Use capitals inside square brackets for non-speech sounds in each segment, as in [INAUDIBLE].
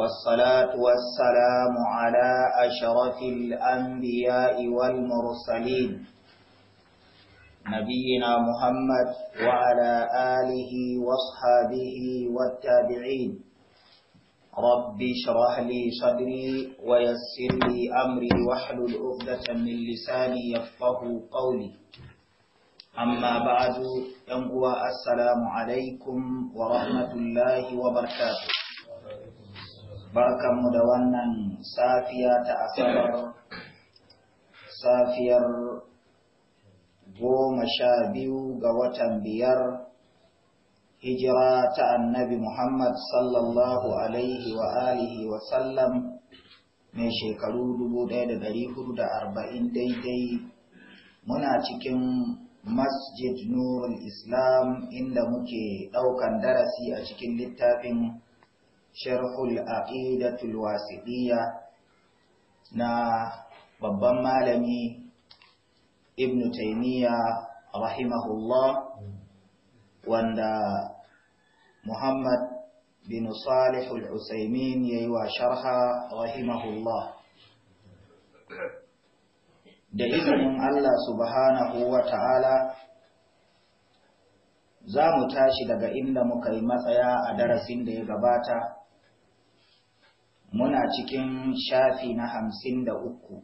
والصلاة والسلام على أشرف الأنبياء والمرسلين نبينا محمد وعلى آله واصحابه والتابعين رب اشرح لي صدري ويسر لي أمري واحلل عقدة من لساني يفقه قولي أما بعد ينقوى السلام عليكم ورحمة الله وبركاته barkanmu da wannan safiya ta asabar safiyar goma sha biyu ga watan biyar hijira ta annabi muhammad sallallahu alaihi wa alihi wa sallam mai shekaru dubu ɗaya da ɗari hudu da arba'in daidai muna cikin masjid nurul islam inda muke ɗaukan darasi a cikin littafin sharhul aqidatul wasiqiyya na babban malami ibnu taymiya rahimahullah wanda muhammad bin salihul al-usaimin yayi wa sharha rahimahullah da izinin Allah subhanahu wa ta'ala za mu tashi daga inda muka yi matsaya a darasin da ya gabata muna cikin shafi na hamsin da uku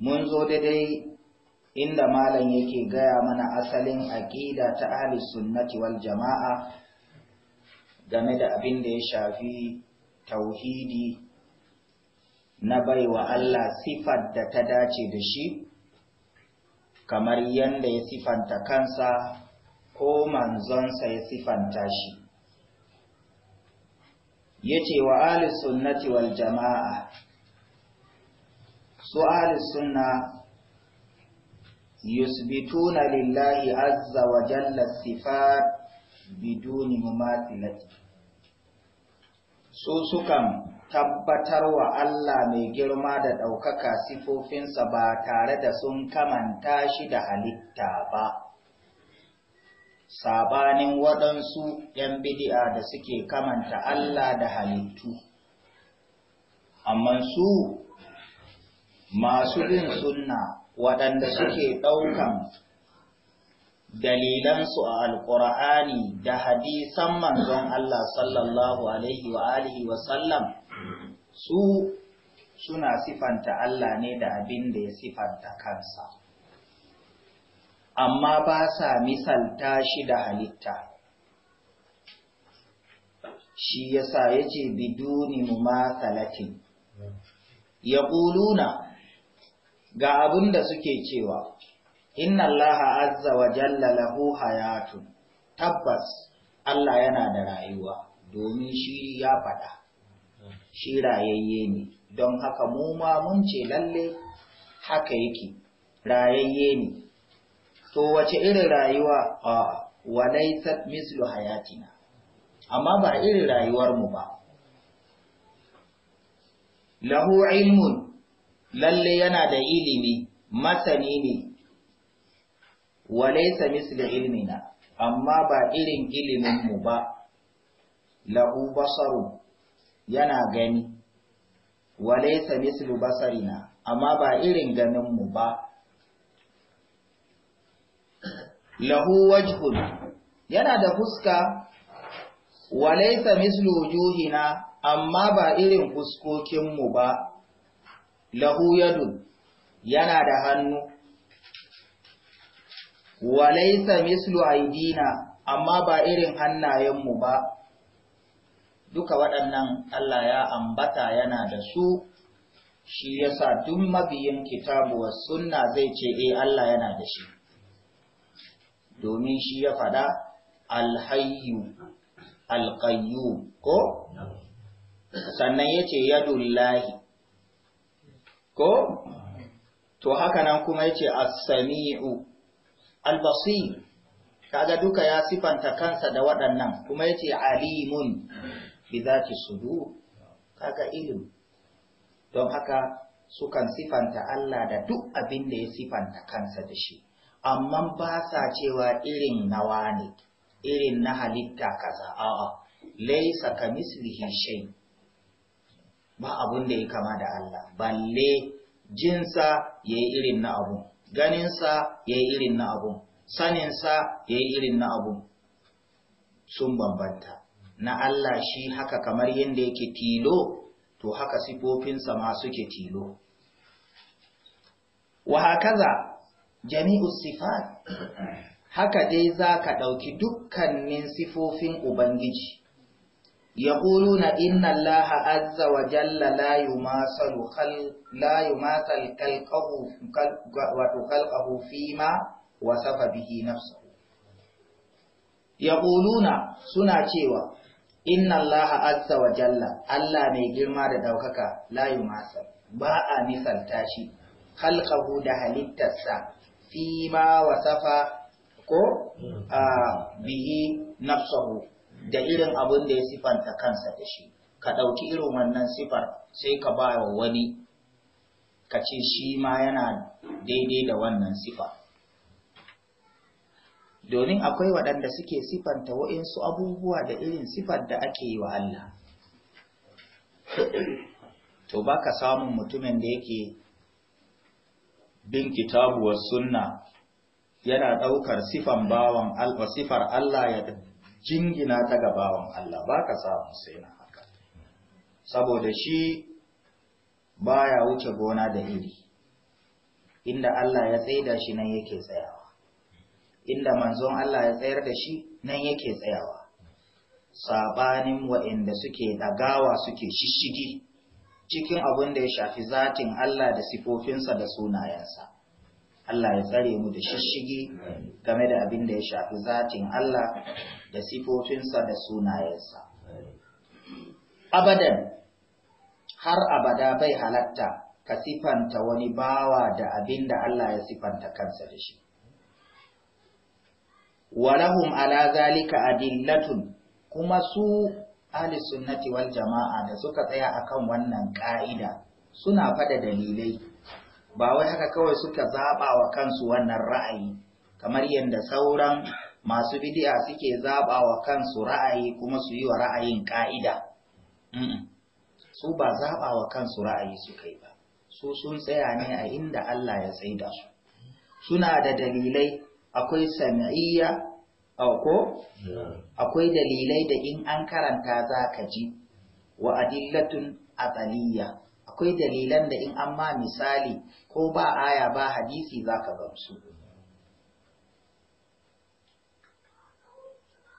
mun zo daidai inda malam yake gaya mana asalin aƙida ta ahli sunnati wal jama'a game da abin da ya shafi tauhidi na baiwa Allah sifar da ta dace da shi kamar yadda ya sifanta kansa ko manzonsa ya sifanta shi yace wa Ali sunnati wal jama'a su ahli sunna yusbituna lillahi azza wa jalla sifat biduni mumathilati su sukan tabbatar wa Allah mai girma da ɗaukaka sifofinsa ba tare da sun kamanta shi da halitta ba. sabanin waɗansu ‘yan bidi'a da suke kamanta Allah da halittu, amma su masu bin sunna waɗanda suke ɗaukan dalilansu a Alƙur'ani da hadisan manzon Allah sallallahu Alaihi wa Alihi su suna sifanta Allah ne da abin da ya sifanta kansa. amma ba sa misalta shi da halitta shi yasa yace biduni ya yaquluna ga abun da suke cewa inna allaha azza wa jalla lahu hayatun tabbas Allah yana da rayuwa domin shi ya faɗa shi rayayye ne don haka mu ma mun ce lalle haka yake rayayye ne to wace irin rayuwa a walaisat mislu hayatina amma ba irin rayuwarmu ba lahu ilmun lalle yana da ilimi masani ne walaisa mislu ilmina amma ba irin mu ba lahu basaru yana gani walaisa mislu basarina amma ba irin ganin mu ba lahu wajhun yana da fuska walaysa mislu wujuhina amma ba irin fuskokinmu ba lahu yadun yana da hannu walaysa mislu aidina amma ba irin mu ba duka waɗannan Allah ya ambata yana da su shi yasa duk mabiyin kitabu was sunna zai ce eh Allah yana da shi domin shi ya faɗa alhayyu alkayyu ko sannan ya yace yadullahi ko to haka nan kuma ya ce asami'u al kaga duka ya sifanta kansa da waɗannan kuma ya yace alimun bi sudu kaga ilim. don haka sukan sifanta Allah da duk abin da ya sifanta kansa da shi amma ba sa cewa irin nawa ne irin na halitta kaza a'a laisa ka mislihi shay ba abun da ya kama da Allah balle jinsa yayi irin na abun ganinsa yayi irin na abun saninsa yayi irin na abun sun bambanta na Allah shi haka kamar yadda yake tilo to haka sifofinsa ma suke tilo wa hakaza jami'u sifat haka dai za ka ɗauki dukkanin sifofin ubangiji ya inna Allah azza wa jalla la yumasal kalkahu fi ma wasafa bihi nafsa ya suna cewa inna Allah azza wa jalla Allah mai girma da ɗaukaka la yumasal ba a misalta shi kalkahu da halittarsa Fima, wasafa ko a bihi nafsahu da irin abun da ya sifanta kansa da shi ka ɗauki irin wannan sifar sai ka ba wa wani ka ce shi ma yana daidai da wannan sifa domin akwai waɗanda suke sifanta wa'insu abubuwa da irin sifar da ake yi wa Allah to ba ka samun mutumin da yake bin kitabuwar sunna yana ɗaukar sifan bawan alba, sifar Allah ya jingina ta ga bawan Allah ba ka samu sai na haka saboda shi baya wuce gona da iri inda Allah ya tsaida shi nan yake tsayawa inda manzon Allah ya tsayar da shi nan yake tsayawa sabanin wa'inda suke dagawa suke shishigi cikin abin da ya shafi zatin Allah da sifofinsa da sunayensa. Allah ya tsare mu da shishigi game da abin da ya shafi zatin Allah da sifofinsa da sunayensa. Abadan, har abada bai halatta ka sifanta wani bawa da abin da Allah ya sifanta kansa da shi. Walahum ala zalika adillatun kuma su ahli sunnati wal jama'a da suka tsaya akan wannan ka'ida suna fada dalilai ba wai haka kawai suka zaba wa kansu wannan ra'ayi kamar yadda sauran masu bidi'a suke zaba wa kansu ra'ayi kuma su yi wa ra'ayin ka'ida su ba zaba wa kansu ra'ayi su kai ba su sun tsaya ne a inda Allah ya tsaida su suna da dalilai akwai sami'iyya ko akwai dalilai da in an karanta za ka ji wa adillatun aqaliyya akwai dalilan da in an ma misali ko ba aya ba hadisi za ka gamsu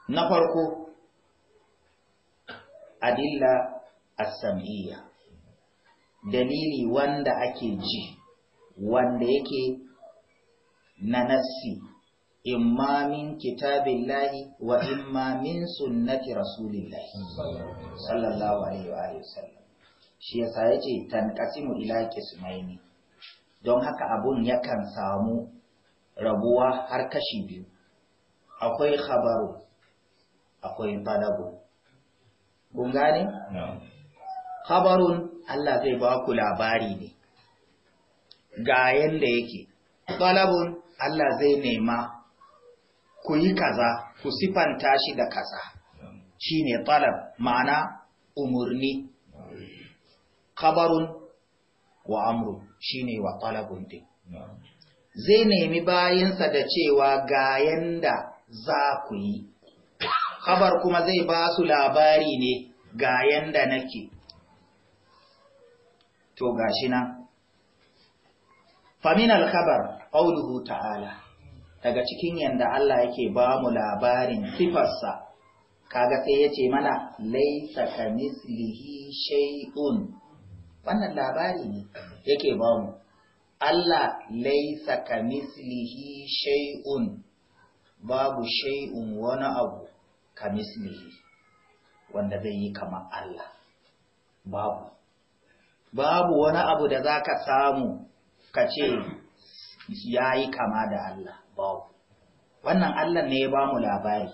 na farko adilla asam'iyya dalili wanda ake ji wanda yake na nassi imma min kitabillahi wa imma min sunnati rasulillahi sallallahu alaihi wa sallam. shi yasa yace tanqasimu ila qismaini don haka abun yakan samu rabuwa har kashi biyu akwai khabaru akwai talabu kun gane khabarun Allah zai ba ku labari ne ga yanda yake Balagun Allah zai nema ku yi kaza ku sifanta shi da kaza shine talab ma'ana umarni. kabarun wa amru ne wa talabun din zai nemi bayansa da cewa ga yanda za ku yi khabar kuma zai ba su labari ne ga yanda nake to gashi nan famin al qauluhu ta'ala daga cikin yanda Allah yake ba mu labarin sifarsa kaga sai ya ce mana laisa ka mislihi shay'un wannan labari ne yake ba mu Allah laisa ka mislihi shay'un babu shay'un wani abu ka mislihi wanda zai yi kama Allah babu babu wani abu da za ka samu ka ce ya yi kama da Allah babu wannan Allah ne ya ba mu labari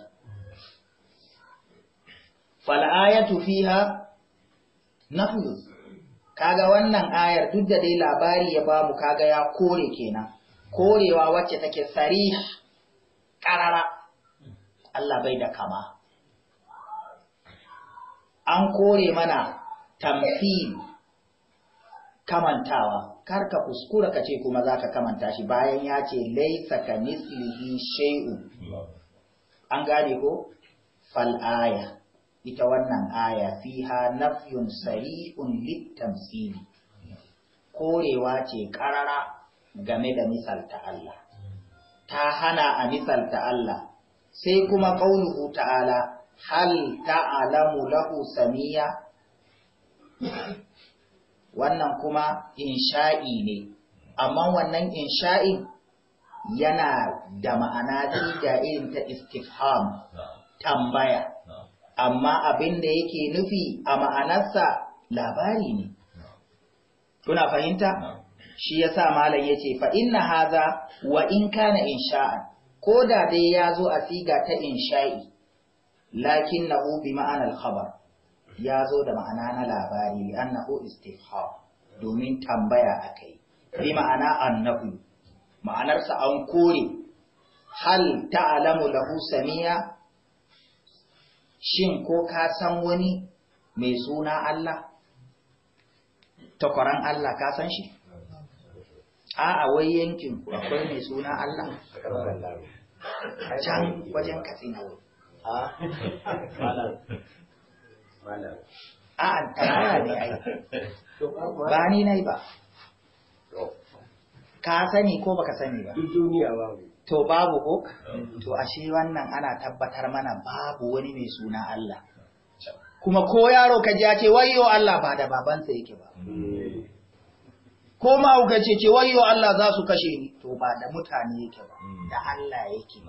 fal'ayatu fiha nafyu kaga wannan ayar duk da dai labari ya ba mu kaga ya kore kenan korewa wacce take sarih ƙarara. Allah bai da kama an kore mana tamfi kamantawa kar ka kuskura ka ce kuma za ka kamanta shi bayan ya ce laisa ka mislihi shay'u an gane ko fal aya ita wannan aya fiha nafyun sari'un litamsili korewa ce karara game da misalta Allah ta hana a misalta Allah sai kuma qauluhu ta'ala hal ta'lamu lahu samiya wannan kuma insha'i ne amma wannan insha'in yana da ma'ana da irin ta istifham tambaya amma abin da yake nufi a ma'anarsa labari ne kuna fahimta shi yasa malam yace fa na haza wa in kana insha'an ko da dai ya zo a siga ta insha'i na bi ma'anar khabar ya zo da ma'ana na labari li annahu istifham domin tambaya akai bi ma'ana annahu sa an kore hal ta'lamu lahu samiya shin ko ka san wani mai suna Allah takwaran Allah ka san shi a a wai yankin akwai mai suna Allah can wajen katsina wai ah, [LAUGHS] a tambaya ne ba ni nai ba ka sani ko baka sani ba to babu ko ah. to ashe wannan ana tabbatar mana babu wani mai suna Allah kuma ko yaro ka ji ya ce wayyo Allah ba da babansa yake ba hmm. ko ma'aukace ce wayyo Allah za su kashe ni to ba da mutane yake ba hmm. da Allah yake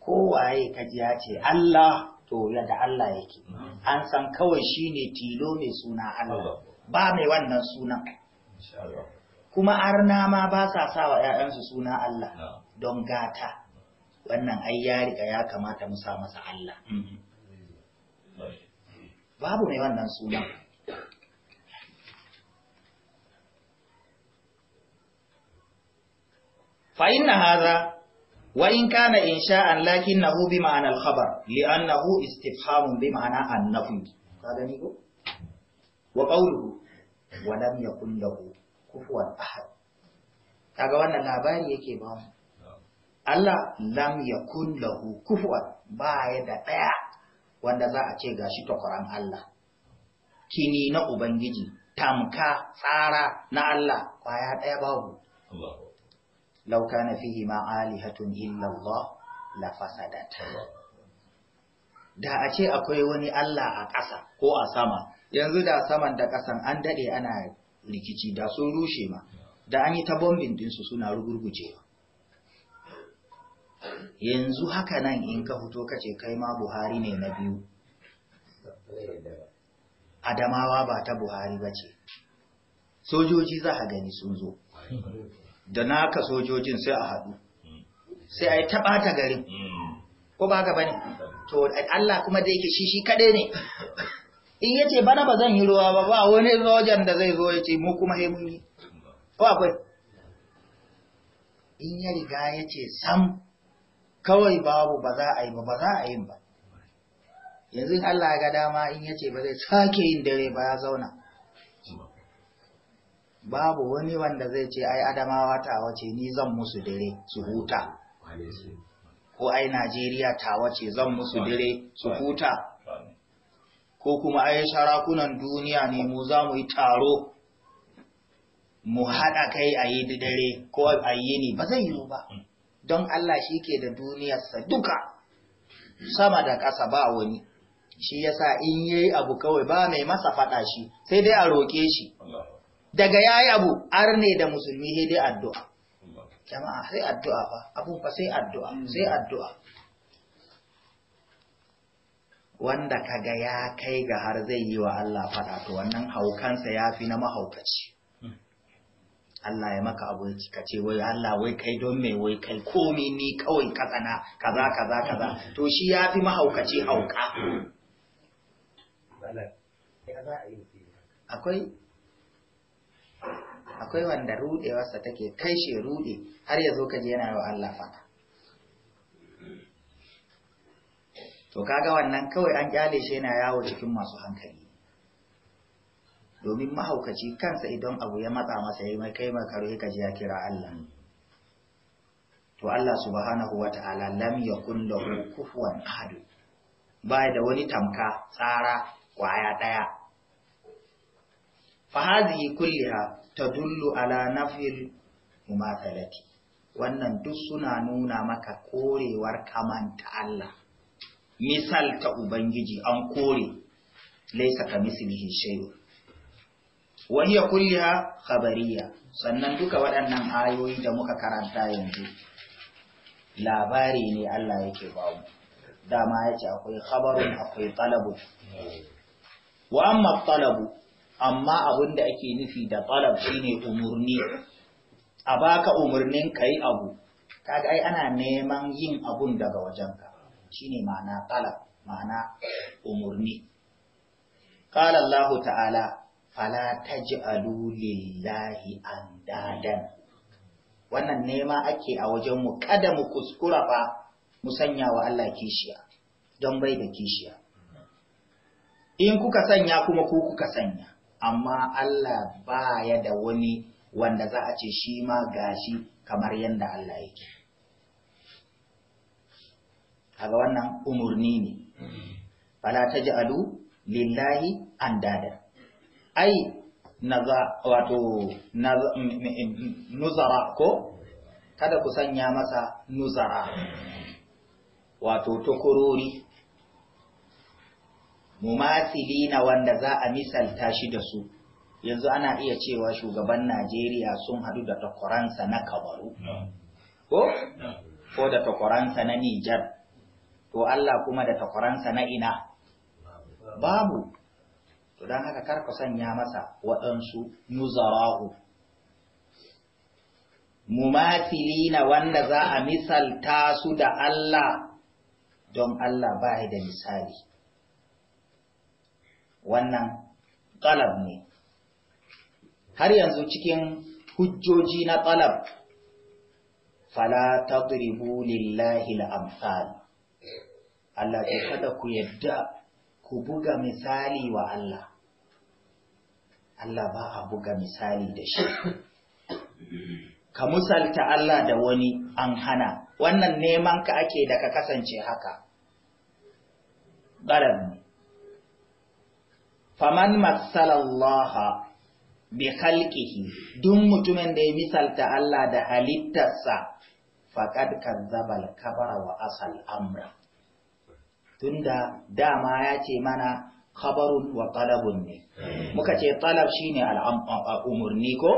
ko waye ka ji ce Allah to yadda Allah yake an san kawai shine tilo mai suna Allah ba mai wannan sunan kuma arna ma ba sa sawa ‘ya'yansu suna Allah don gata wannan ai ya ya kamata mu sa masa Allah babu mai wannan sunan fa'in na haza وإن كان إنشاء لكنه بمعنى الخبر لأنه استفهام بمعنى النفي هذا نيكو وقوله ولم يكن له كفوا أحد kaga wannan labari yake ba mu Allah lam yakun lahu kufuwan baya da ɗaya, wanda za a ce gashi takwaran Allah kini na ubangiji tamka tsara na Allah kwaya ɗaya babu Lauka kana fihi ma alihatun illa Allah la da a ce akwai wani Allah a ƙasa ko a sama yanzu da saman da ƙasan an daɗe ana rikici da sun rushe ma da an yi ta bombin dinsu suna rugurgujewa yanzu haka nan in ka fito kace kai ma Buhari ne na biyu Adamawa ba ta Buhari ba ce sojoji za a gani sun zo da naka sojojin sai a haɗu hmm. sai a yi taɓa ta garin hmm. ko ba ka bane to Allah kuma da yake shi shi kaɗai ne in yace bana ba zan yi ruwa ba ba wani rojan da zai zo ya ce mu kuma mun yi ko akwai in ya riga ya ce sam kawai babu ba za a yi ba ba za a yi ba yanzu Allah ya ga dama in yace ba zai sake yin dare ba ya zauna babu wani wanda zai ce ai adamawa ta wace ni zan musu dare su huta ko ai najeriya ta wace zan musu dare su huta ko kuma ai sarakunan duniya ne mu za mu yi taro mu haɗa kai a yi dare ko a yi ni ba zai yiwu ba hmm. don Allah shi ke da duniyarsa duka sama da ƙasa ba wani shi yasa in yayi abu kawai ba mai masa faɗa shi sai dai a roƙe shi daga yayi abu arne da musulmi sai dai addu'a jama'a sai addu'a fa abun fa sai addu'a sai addu'a wanda kaga ya kai ga har zai yi wa Allah fada to wannan haukansa fi na mahaukaci Allah ya maka abu ka ce wai Allah wai kai don me wai kai komi ni kawai katsana kaza kaza kaza to shi ya fi mahaukaci hauka akwai akwai wanda rudewarsa take kai shi rude har ya zo kaje yana wa Allah fata to kaga wannan kawai an kyale shi yana yawo cikin masu hankali domin mahaukaci kansa idan abu ya matsa masa yayi mai kai makaro ya kaje ya kira Allah to Allah subhanahu wata'ala lam ya lahu kufuwan ahad ba da wani tamka tsara kwaya ɗaya. فهذه كلها تدل ala نفي mumathalati wannan duk suna nuna maka korewar ta Allah Misal ta ubangiji an kore laisa mislihi shay'u wa hiya kulliha khabariyya sannan duka waɗannan ayoyi da muka karanta yanzu labari ne Allah yake ba mu dama yace akwai khabarun akwai talabu wa amma talabu amma abin da ake nufi da talab shine umurni a baka umurnin kai abu kaga ai ana neman yin abun daga wajenka shine ma'ana talab ma'ana umurni qala Allah ta'ala fala taj'alu lillahi andadan wannan nema ake a wajen mu kada mu kuskura fa mu sanya wa Allah kishiya don bai da kishiya in kuka sanya kuma ku kuka sanya amma Allah ba ya da wani wanda za a ce shi ma gashi kamar yadda Allah yake. aga wannan umurni ne, Bala ta ji alu lillahi an dada. Ai, wato nuzara ko? Kada ku sanya masa nuzara, wato tukurori. mumasilina wanda za a misalta shi da su yanzu ana iya cewa shugaban Najeriya sun hadu da takwaransa na Kabaru ko ko da takwaransa na Nijar to Allah kuma da takwaransa na ina babu to don haka karka sanya masa waɗansu nuzara'u na wanda za a misalta su da Allah don Allah ba da misali wannan ƙalab ne har yanzu cikin hujjoji na ƙalab fala tadribu lillahi al-amsal Allah ce kada ku yadda ku buga misali wa Allah Allah ba a buga misali da shi ka musalta Allah da wani an hana wannan neman ka ake da ka kasance haka ne. faman matsalallaha bi halƙihi duk mutumin da ya misalta Allah da halittarsa faƙad kazzabal kabara wa asal amra tunda dama ya ce mana kabarun wa talabun ne muka ce talab shine al'umurni ko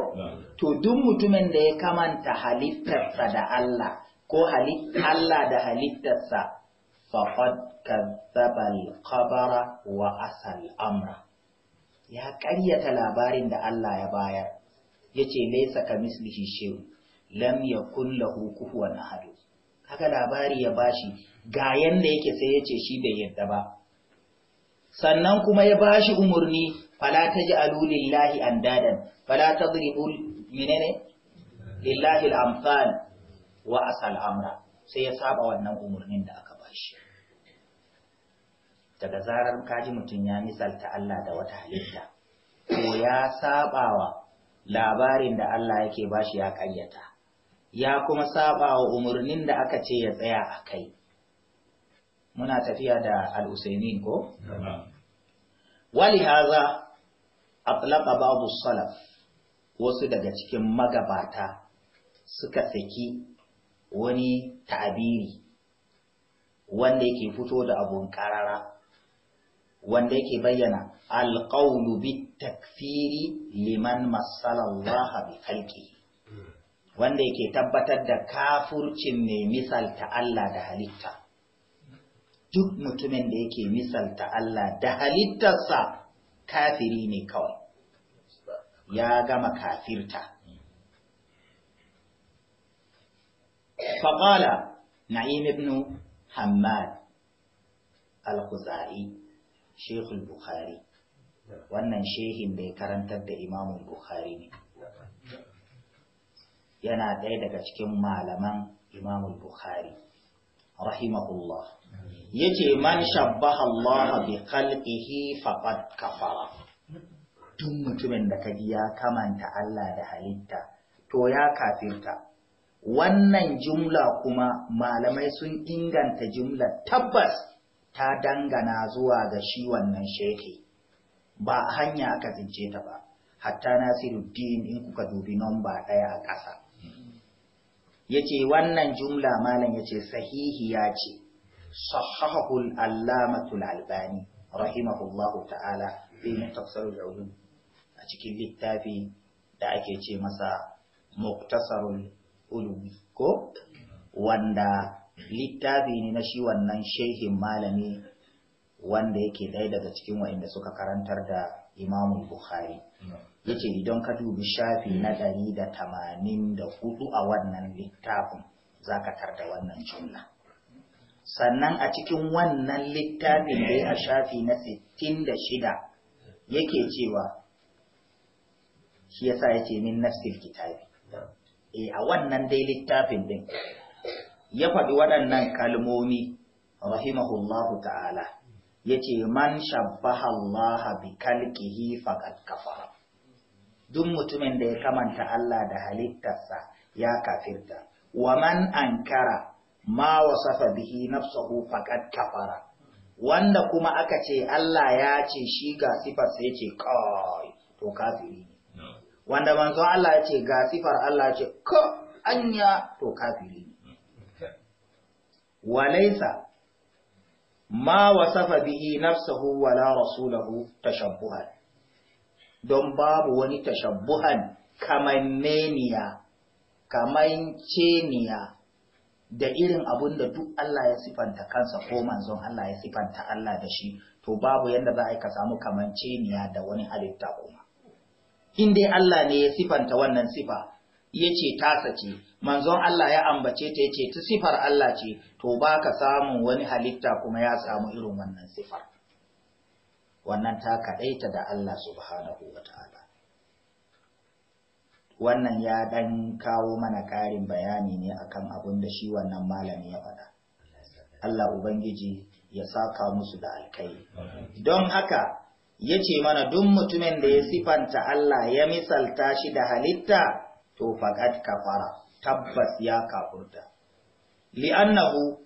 to duk mutumin da ya kamanta halittarsa da Allah ko Allah da halittarsa faqad kazzabal kabara wa asal amra ya ƙaryata labarin da Allah ya bayar ya ce yace laysa kamislihi shehu lam ya kulla lahu wa nahadu haka labari ya bashi ga yanda yake sai yace shi bai yarda ba sannan kuma ya bashi umurni fala ta ji taj'alu an dadan fala ta tadribu minene lillahi al-amsal wa asal amra sai ya saba wannan umarnin da aka bashi daga zarar kaji mutum ya misalta Allah da wata halitta ko ya sabawa labarin da Allah yake bashi ya karyata ya kuma sabawa umurnin da aka ce ya tsaya a kai muna tafiya da al-Usainin ko wali haza atlaqa ba'd salaf wasu daga cikin magabata suka saki wani ta'abiri wanda yake fito da abun karara wanda yake bayyana alƙaunu bi takfiri liman masalallaha bi halki wanda yake tabbatar da kafurcin mai misalta Allah da halitta duk mutumin da yake misalta Allah da halittarsa kafiri ne kawai ya gama kafirta faƙala na'im ibn hammad al shekul bukhari wannan shehin bai ya karantar da imamun bukhari ne yana ɗaya daga cikin malaman imamun bukhari rahimahullah ya ce man shabbaha Allah bi khalqihi faqad kafara tun mutumin da kaji ya kamanta Allah da halitta to ya kafirta wannan jumla kuma malamai sun inganta jumla tabbas ta dangana zuwa ga shi wannan shehi ba hanya aka zince ta ba hatta nasiruddin in kuka dubi nomba ɗaya a ƙasa yace wannan jumla malam yace ya ce sahahul allamatul albani rahimahullahu ta'ala fi mutafsirul ulum a cikin littafi da ake ce masa muktasarul ulum ko wanda littafi ne na shi wannan shehin malami wanda yake ɗaya daga cikin wa'inda suka karantar da imamu bukhari ya ce idan ka dubi shafi na ɗari da tamanin da hudu a wannan littafin za ka tarda wannan jumla sannan a cikin wannan littafin da a shafi na sittin da shida yake cewa shi yasa ya ce min nasfil kitabi eh, a wannan dai littafin din ya faɗi waɗannan kalmomi rahimahullahu ta'ala ya ce, man shabbaha Allah bi kalkihi faqad kafara duk mutumin da ya kamanta Allah da halittarsa ya kafirta wa man ankara ma wasafa bihi nafsuhu faqad kafara wanda kuma aka ce Allah ya ce shi ga sifar sai ce kai to kafiri ne wanda manzo Allah ya ce ga sifar Allah ya ce ko anya to kafiri ne walaisa ma wasafa bihi nafsahu wala rasulahu tashabbuhan don babu wani tashabbuhan kamanniya kamanceniya da irin abun da duk Allah ya sifanta kansa ko manzon Allah ya sifanta Allah da shi to babu yadda za a yi ka samu kamanceniya da wani halitta kuma in dai Allah ne ya sifanta wannan sifa yace tasa ce manzon Allah ya ambace ta yace ta sifar Allah ce to baka samun wani halitta kuma ya samu irin wannan sifar wannan ta kadaita da Allah subhanahu wataala wannan ya dan kawo mana karin bayani ne a kan abin da shi wannan malami ya faɗa Allah ubangiji ya saka musu da alkai don haka yace mana duk mutumin da ya sifanta Allah ya misalta shi da halitta to faqad kafara tabbas ya kafurta li'annahu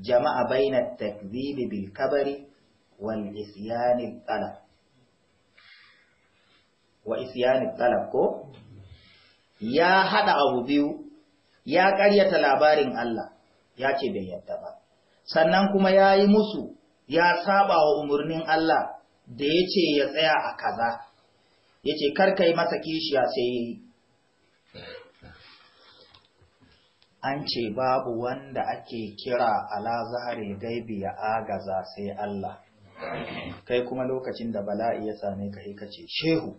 jama'a baina takdhibi bil kabari wal isyani talab wa isyani talab ko ya hada abu biyu ya ƙaryata labarin Allah ya ce bai yadda ba sannan kuma ya yi musu ya saba wa umarnin Allah da ya ce ya tsaya a kaza ya ce yi masa kishiya sai an ce babu wanda ake kira ala zahari gaibi ya agaza sai Allah kai kuma lokacin da bala'i ya same ka ka ce shehu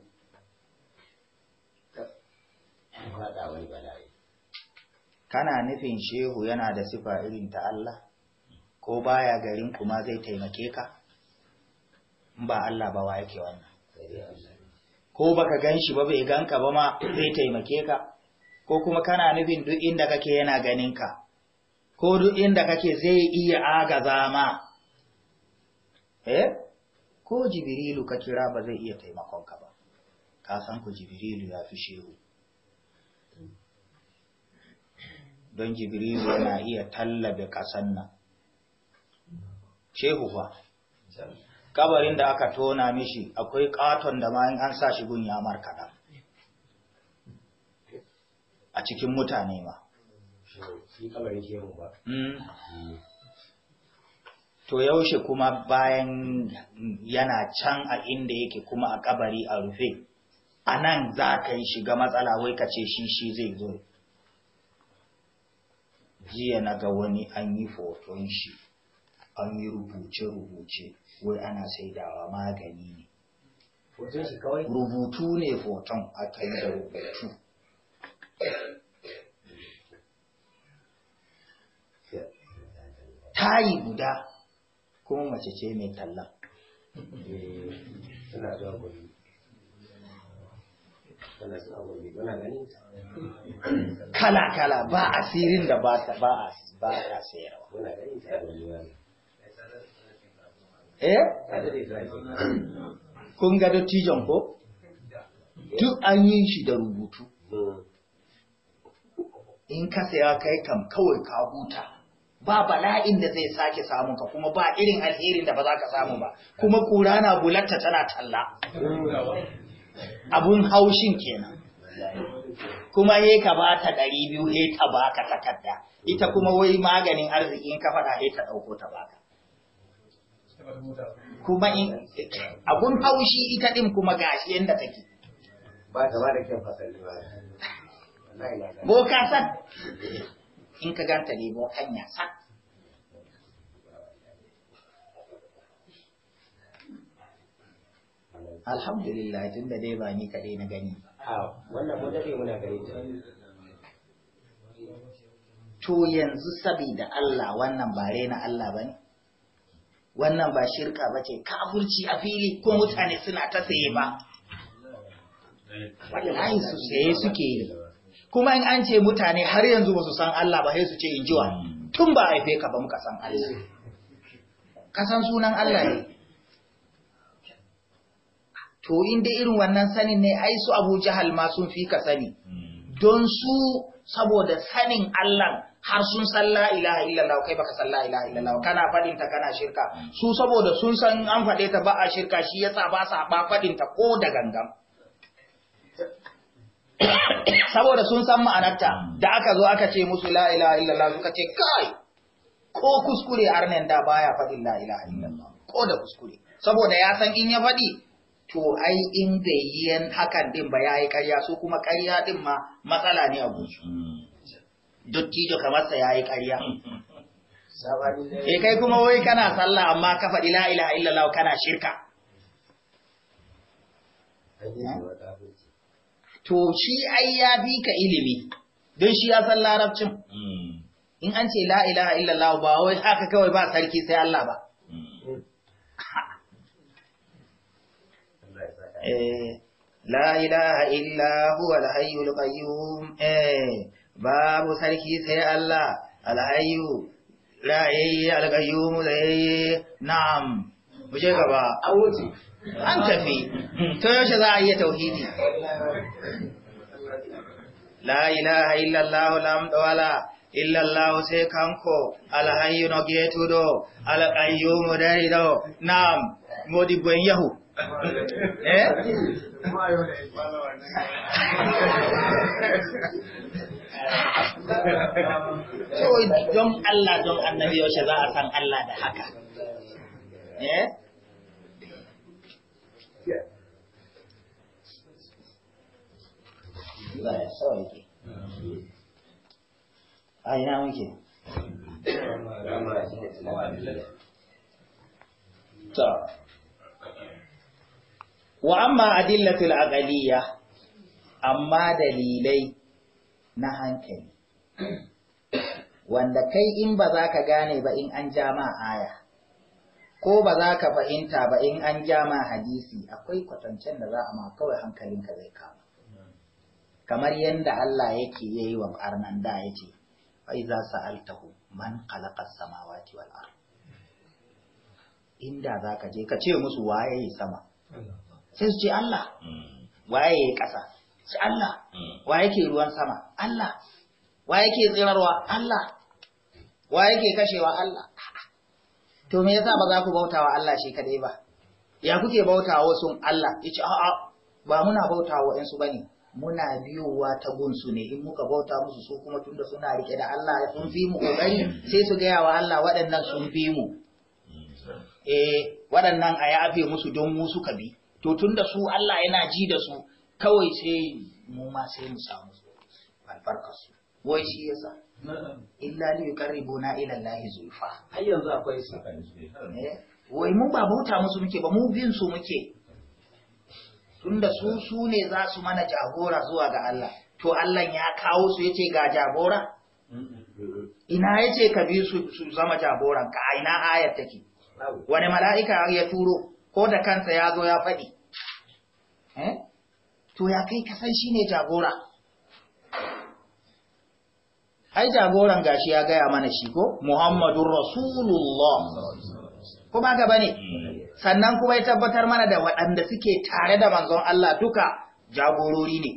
kana nufin shehu yana da sifa irin ta Allah ko baya garin kuma zai taimake ka ba Allah ba wa yake wannan ko baka gan shi ba bai ganka ba ma zai taimake ka ko kuma kana nufin duk inda kake yana ganinka ko duk inda kake zai iya agaza ma eh ko jibirilu ka kira ba zai iya taimakonka ba ka san ku jibirilu ya fi shehu don jibirilu yana iya tallabe kasan nan shehu fa kabarin da aka tona mishi akwai katon da ma'in an sa shi gun ya markada a cikin mutane ma hmm. Hmm. to yaushe kuma bayan yana can a inda yake kuma a kabari a rufe a nan za ka yi shiga matsala wai ka ce shi shi zai zo jiya na ga wani an yi foton shi an yi rubuce-rubuce wai ana saidawa magani ne rubutu ne foton a kai da rubutu tayi guda kuma mace ce mai tallan eh, kala-kala ba a sirin da ba ta ba a sayarwa eh kun ga dattijon ko duk an yi shi da rubutu hmm. in ka saya kai kam kawai ka huta ba bala'in da zai sake samu ka kuma ba irin alherin da ba za ka samu ba kuma kura na bulatta tana talla abun haushin kenan kuma he ka ba ta ɗari biyu he ta ba ka takarda ita kuma wai maganin arzikin ka faɗa he ta ɗauko ta ba ka kuma in abun haushi ita ɗin kuma gashi yadda take ba ta ba da kyan fasali ba boka san in ka ganta ne bo ya san alhamdulillah tun da dai ba ni kaɗai na gani wannan mun dade muna gare ta to yanzu saboda Allah wannan ba na Allah ba ne, wannan ba shirka ba ce kafurci a fili ko mutane suna ta saye ba wallahi su saye suke yi kuma in an ce mutane har yanzu ba su san Allah ba sai su ce in jiwa mm. tun ba a haife ka ba muka san Allah ka san sunan Allah ne to inda irin wannan sanin ne ai su Abu Jahal ma sun fi ka sani mm. don su saboda sanin Allah har sun san la ilaha illallah kai baka san la ilaha illallah kana fadin ta kana shirka mm. su saboda sun san an fade ta ba a shirka shi yasa ba sa ba fadin ta ko da gangan saboda sun san ma'anarta da aka zo aka ce musu la ilaha illallah suka ce kai ko kuskure arnen da baya faɗin la ilaha illallah ko da kuskure saboda ya san in ya faɗi to ai in bai yi hakan din ba yayi ƙarya su kuma ƙarya din ma matsala ne a gunsu dottijo kamar sa yayi ƙarya eh kai kuma wai kana sallah amma ka faɗi la ilaha illallah kana shirka to shi ai ya fi ka ilimi don shi ya san larabcin hmm. in an ce la ilaha illallah ba wai haka kawai ba sarki sai Allah ba hmm. eh, la ilaha illahu alhayyul qayyum eh babu sarki sai Allah alhayyu la ilaha alqayyum la na'am muje gaba a wuce an tafi to yaushe za a yi tauhidi la ilaha illallah la wala, illallah sai kanko alhayyu no getu getudo alqayyum darido nam modi buen yahu eh to don Allah don annabi yaushe za a san Allah da haka eh gaskiya a ina muke ta wa amma adillatul aqaliyya amma dalilai na hankali wanda kai in ba za ka gane ba in an ja ma aya ko ba za ka fahimta ba in an jama hadisi akwai kwatancen da za a ma kawai hankalinka zai kama kamar yadda Allah yake yayi wa arnan da yace fa iza sa'altahu man khalaqa samawati wal ard inda za ka je ka ce musu waye sama sai su ce Allah waye ƙasa sai Allah wa yake ruwan sama Allah wa yake tsirarwa Allah wa yake kashewa Allah to me yasa ba za ku bautawa Allah shi kadai ba ya kuke bautawa wasu Allah yace a'a ba muna bautawa yansu bane muna biyowa ta gunsu ne in muka bauta musu su kuma tunda suna rike da Allah sun fi mu kokari sai su gaya wa Allah waɗannan sun fi mu eh waɗannan a yafe musu don mu suka bi to tunda su Allah yana ji da su kawai sai mu ma sai mu samu albarkar su wai shi yasa illa li yuqarribuna ila Allahi zulfa har yanzu akwai su eh, wai mu ba bauta musu muke ba mu bin su muke tunda su su ne za su mana jagora zuwa ga Allah to Allah ya kawo su yace ga jagora ina yace ka bi su su zama jagoran ka ina ayat take wani mala'ika ya turo ko da kansa ya zo ya faɗi eh to ya kai kasan shine jagora ai jagoran gashi ya gaya mana shi ko muhammadun rasulullah Kuma gaba ne sannan kuma ya tabbatar mana da waɗanda suke tare da manzon Allah duka jagorori ne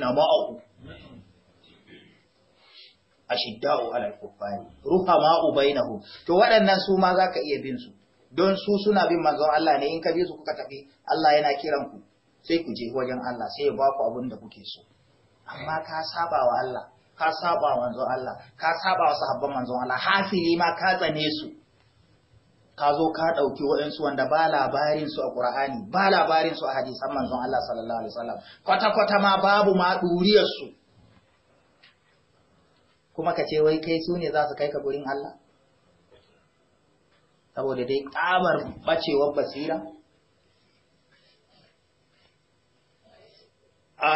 na ma'ahu ashidda'u alal kuffari ruhama'u bainahu. to waɗannan su ma zaka iya bin su don su suna bin manzon Allah ne in ka bi su kuka tafi Allah yana kiran ku sai ku je wajen Allah sai ya ba ku abin da kuke so amma ka saba wa Allah ka saba manzon Allah ka saba wa sahabban manzon Allah hasili ma ka tsane su ka zo ka dauki waɗansu wanda ba labarin su a Qur'ani ba labarin su a hadisan manzon Allah sallallahu alaihi wasallam kwata kwata ma babu ma duriyar su kuma ka ce wai kai su ne za su kai ka gurin Allah saboda dai kamar bacewar basira a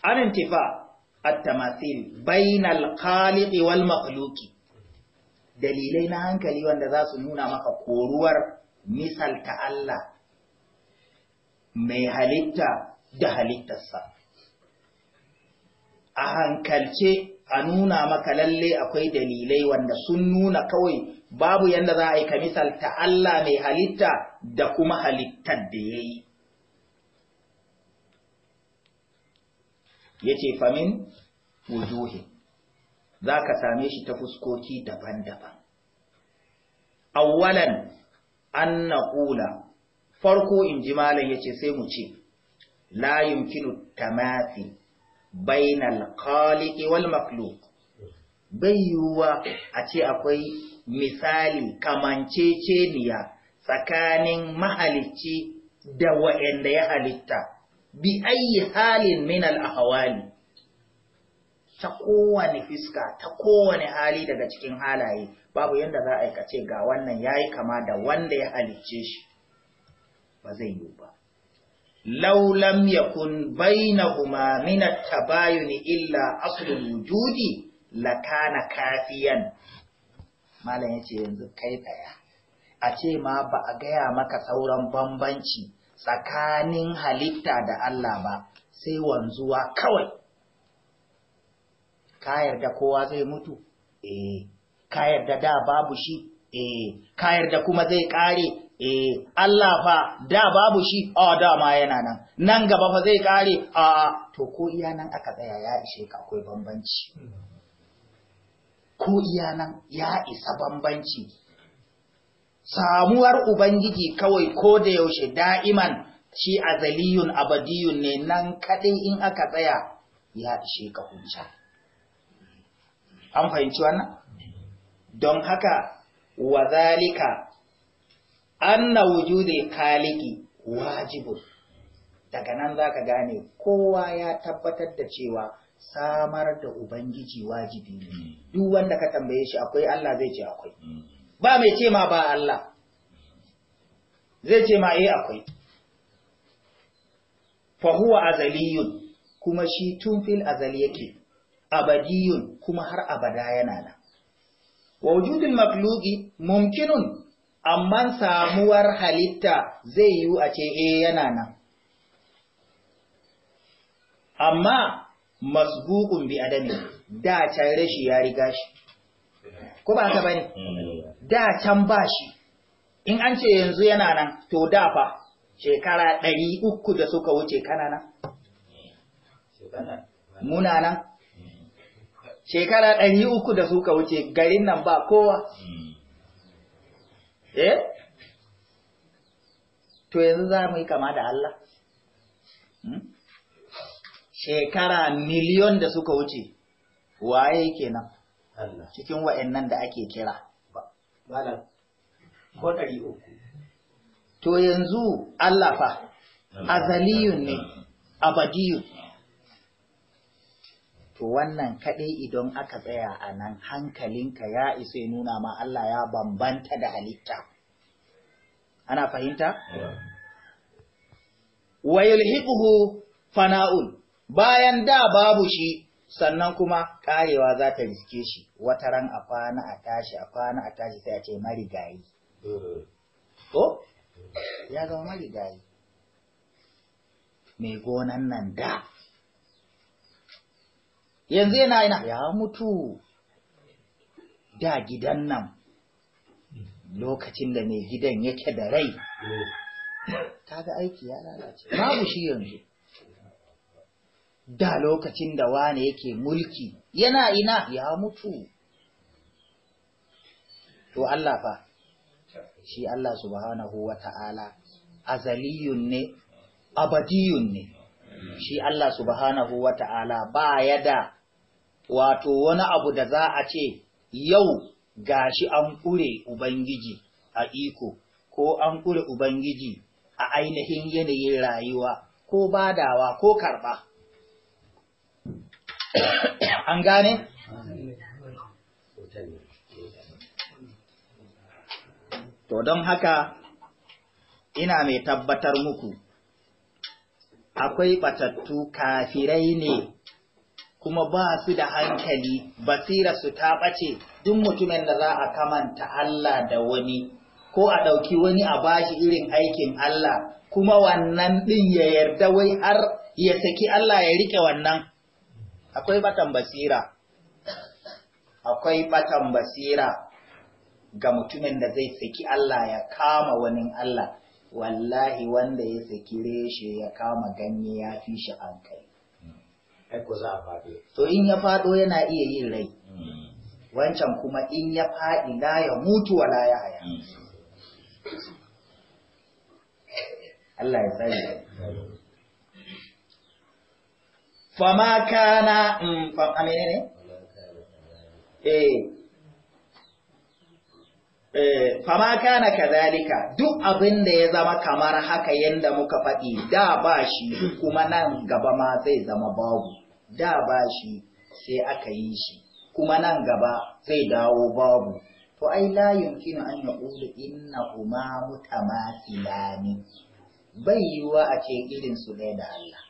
ah, tifa at-tamathil bainal khaliqi wal makhluqi dalilai na hankali wanda za su nuna maka koruwar misalta Allah mai halitta da halittarsa a hankalce a nuna maka lalle akwai dalilai wanda sun nuna kawai babu yanda za a yi ka misalta Allah mai halitta da kuma halittar da ya yi yace famin wujuhi zaka same shi ta fuskoki daban-daban awwalan an naqula farko in ji malam yace sai mu ce la yumkinu tamasi bainal khaliqi wal makhluq bai yiwuwa a ce akwai misali kamanceceniya tsakanin mahalicci da wa'anda ya halitta bi ayi halin min al'ahawali ta kowane fiska ta kowane hali daga cikin halaye babu yadda za a aikace ga wannan ya yi kama da wanda ya halicce shi ba zai yi ba laulam yakun bainahuma min at-tabayun illa aslul wujudi lakana kafiyan malam yace yanzu kai daya a ce ma ba a gaya maka sauran bambanci tsakanin halitta da Allah ba sai wanzuwa kawai ka yarda kowa zai mutu eh ka yarda da babu shi eh ka yarda kuma zai kare eh Allah fa da babu shi a ah, ma yana nan nan gaba fa zai kare a ah. to ko iya nan aka tsaya ya ishe ka akwai bambanci hmm. ko iya nan ya isa bambanci samuwar ubangiji kawai ko da yaushe da'iman shi azaliyun abadiyun ne nan kaɗai in aka tsaya ya ishe ka an fahimci wannan don haka wa zalika anna wujudil kaliki wajibun daga nan za ka gane kowa ya tabbatar da cewa samar da ubangiji wajibi ne duk wanda ka tambaye shi akwai Allah zai ce akwai hmm. ba mai ce ma ba Allah zai ce ma eh akwai fa huwa azaliyun kuma shi tun fil azali yake abadiyun kuma har abada yana nan wa wujudul makhluqi mumkinun amma samuwar halitta zai yiwu a ce eh yana nan amma masbuqun bi adami da can rashi ya riga shi ko ba haka bane mm. da can ba shi in an ce yanzu yana nan to da fa shekara ɗari uku da suka wuce kana nan muna nan shekara ɗari uku da suka wuce garin nan ba kowa mm. eh to yanzu za mu yi kama da Allah hmm? shekara miliyon da suka wuce waye kenan cikin wa'annan da ake kira ko ɗari uku to yanzu Allah fa azaliyun ne abadiyun to wannan kaɗai idan aka tsaya a nan hankalinka ya isa nuna ma Allah ya bambanta da halitta ana fahimta? wa yulhiquhu fana'un bayan da babu shi sannan kuma karewa za ta riske shi wata ran a kwana a tashi a kwana a tashi sai a ce marigayi ko ya zama marigayi mai gonan nan da yanzu yana yana ya mutu da gidan nan lokacin da mai gidan yake da rai Ta ga aiki ya lalace babu shi yanzu da lokacin da wane yake mulki yana ina ya mutu to Allah fa shi Allah subhanahu wa ta'ala azaliyun ne abadiyun ne shi Allah subhanahu wa ta'ala ba ya da wato wani abu da za a ce yau gashi an kure Ubangiji a iko ko an kure Ubangiji a ainihin yanayin rayuwa ko badawa ko karɓa. an gane to don haka ina mai tabbatar muku akwai batattu kafirai ne kuma ba su da hankali basira su ta ɓace duk mutumin da za a kamanta Allah da wani ko a ɗauki wani a bashi irin aikin Allah kuma wannan ɗin ya yarda wai har ya saki Allah ya riƙe wannan akwai batan basira akwai batan basira ga mutumin da zai saki Allah ya kama wani Allah wallahi wanda ya saki reshe ya kama ganye ya fi shi an kai to in ya fado yana iya yin rai wancan kuma in ya faɗi la ya mutu wala ya haya mm. Allah ya fama kana mm, amene ah, ne? Eh. Eh, fama kana kazalika duk abin da ya zama kamar haka yadda muka faɗi da ba shi kuma nan gaba ma zai zama babu da ba shi sai aka yi shi kuma nan gaba zai dawo babu to ai la yumkinu an yaqulu innahuma ne. bai yiwa a ce irin su da Allah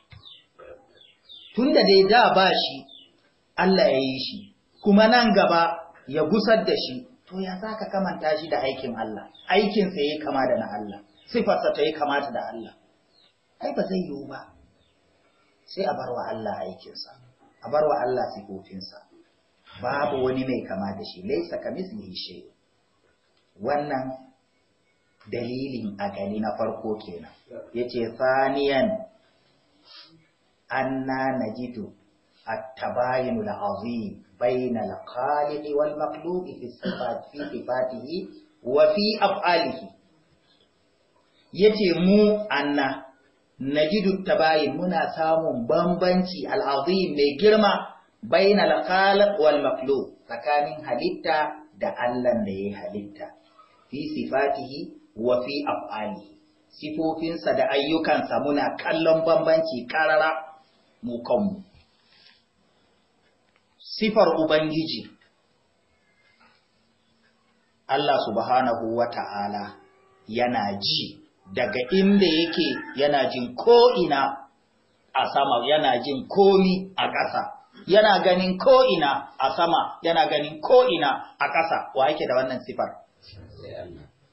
tunda dai da ba shi Allah ya yi shi kuma nan gaba ya gusar da shi to ya za ka kamanta shi da aikin Allah aikinsa ya yi kama da na Allah sifarsa ta yi kamata da Allah ai ba zai yiwu ba sai a barwa Allah aikinsa a barwa Allah sifofinsa babu wani mai kama da shi laisa ka mislihi shay wannan dalilin a gani na farko kenan yace saniyan anna najidu at-tabayun al-azim bayna al-khaliqi wal makhluqi fi sifati fi sifatihi wa fi af'alihi yace mu anna najidu tabayin muna samun bambanci al-azim mai girma bayna al-khaliq wal makhluq tsakanin halitta da Allah da ya halitta fi sifatihi wa fi af'alihi sifofinsa da ayyukansa muna kallon bambanci karara mu kanmu sifar ubangiji Allah subhanahu wa ta'ala yana ji daga inda yake yana jin ko'ina a sama yana jin komi a ƙasa yana ganin ko'ina a sama yana ganin ko'ina a ƙasa wa yake da wannan sifar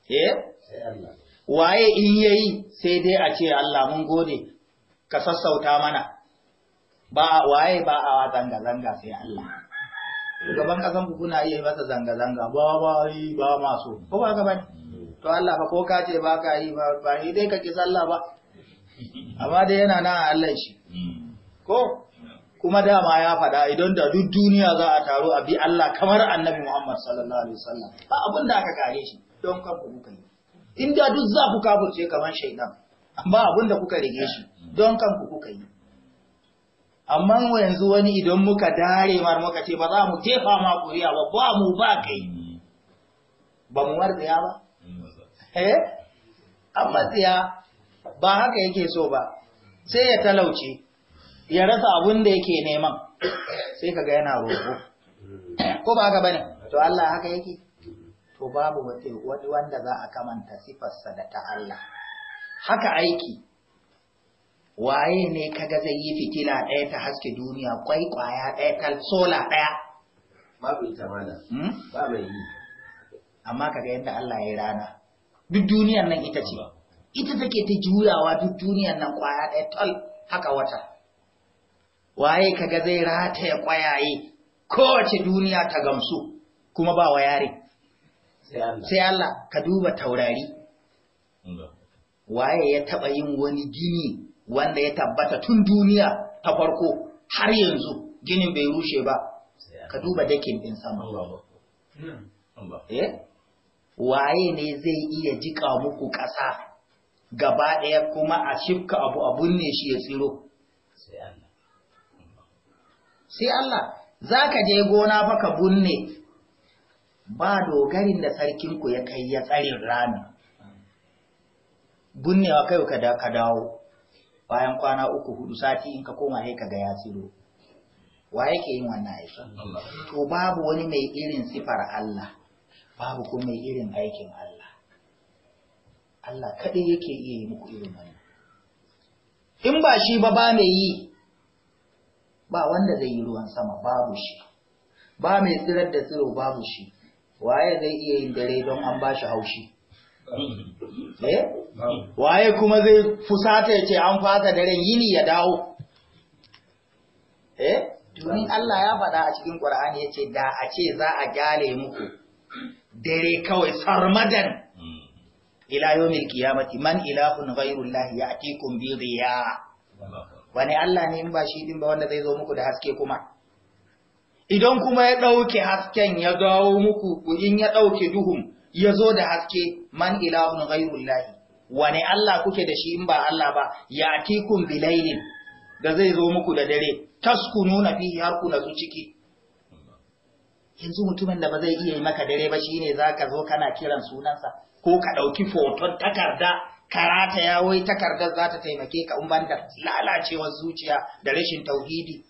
eh waye in yayi sai dai a ce Allah mun gode ka sassauta mana ba waye ba a zanga-zanga sai Allah gaban kasan ku kuna iya masa zanga-zanga ba ba yi ba masu ko ba ka bane to Allah ba ko ka ce ba ka yi ba ba ni dai ka ki sallah ba amma dai yana nan a Allah shi ko kuma dama ya faɗa idan da duk duniya za a taru a bi Allah kamar annabi Muhammad sallallahu alaihi wasallam ba abin da aka kare shi don kan ku kuka yi in da duk za ku kafurce kamar shaidan amma abin da kuka rige shi don kan ku kuka yi amma yanzu wani idan muka dare mar muka ce ba za mu tefa ma kuriya ba ba mu ba kai ba mu wartsaya ba eh amma tsaya ba haka yake so ba sai ya talauce ya rasa abun da yake neman sai kaga yana roƙo ko ba haka bane to Allah haka yake to babu wanda za a kamanta sifarsa da ta Allah haka aiki waye ne kaga zai yi fitila ɗaya ta haske duniya kwai kwaya ɗaya tal sola ɗaya babu ita mana hmm? ba mai yi amma kaga yadda Allah ya rana duk duniyar nan ita ce ita take ta juyawa duk duniyar nan kwaya ɗaya tal haka wata waye kaga zai rataya kwayaye kowace duniya ta gamsu kuma ba wa yare sai Allah ka duba taurari waye ya taba yin wani gini wanda ya tabbata tun duniya ta farko har yanzu ginin bai rushe ba ka duba dakin din sama eh? waye ne zai iya jika muku ƙasa gaba ɗaya kuma a shifka abu abun ne shi ya tsiro sai Allah za ka je gona fa ka bunne ba dogarin da sarkinku ya kai ya tsarin rami bunnewa kai ka dawo bayan kwana uku hudu sati in ka koma sai kaga ya tsiro wa yake yin wannan aikin to babu wani mai irin sifar Allah babu kuma mai irin aikin Allah Allah kaɗai yake iya yi muku irin wannan in ba shi ba ba mai yi ba wanda zai yi ruwan sama babu shi ba mai tsirar da tsiro babu shi waye zai iya yin dare don an ba shi haushi Eh? waye kuma zai fusata ya ce an fasa daren yini ya dawo eh domin Allah ya faɗa a cikin Qur'ani yace da a ce za a gyale muku dare kawai sarmadan ila yawmil qiyamati man ilahun ghayrullahi ya'tikum bi dhiya wani Allah ne in ba shi din ba wanda zai zo muku da haske kuma idan kuma ya dauke hasken ya dawo muku in ya dauke duhun ya zo da haske man ilahun ghairullahi wane Allah kuke da shi in ba Allah ba ya tikun bilailin da zai zo muku da dare taskunu na har ku nazu ciki yanzu mutumin da ba zai iya yi maka dare ba shine zaka zo kana kiran sunansa ko ka dauki foton takarda karata ya wai takardar za ta taimake ka in banda lalacewar zuciya da rashin tauhidi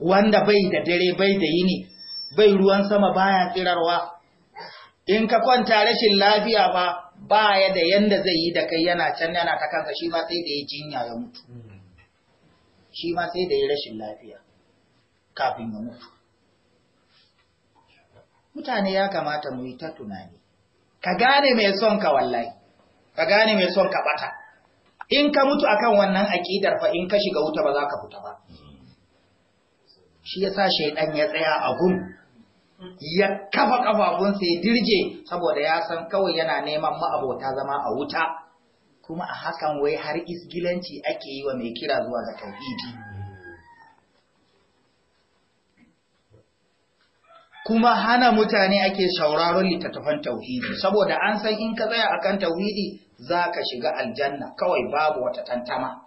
wanda bai da dare bai da yini bai ruwan sama baya tsirarwa in ka kwanta rashin lafiya ba ba ya da yanda zai yi da kai yana can yana ta kansa shi ma sai da ya jinya ya mutu shi ma sai da ya rashin lafiya kafin ya mutu mutane ya kamata mu yi ta tunani ka gane mai son ka wallahi ka gane mai son ka bata in ka mutu akan wannan aqidar fa in ka shiga wuta ba za ka fita ba shi yasa shaydan ya tsaya a gun ya kafa kafafunsa ya dirje saboda ya san kawai yana neman ma'abota zama a wuta kuma a hakan wai har isgilanci ake yi wa mai kira zuwa ga tauhidi kuma hana mutane ake shauraron littattafan tauhidi saboda an san in ka tsaya akan tauhidi za ka shiga aljanna kawai babu wata tantama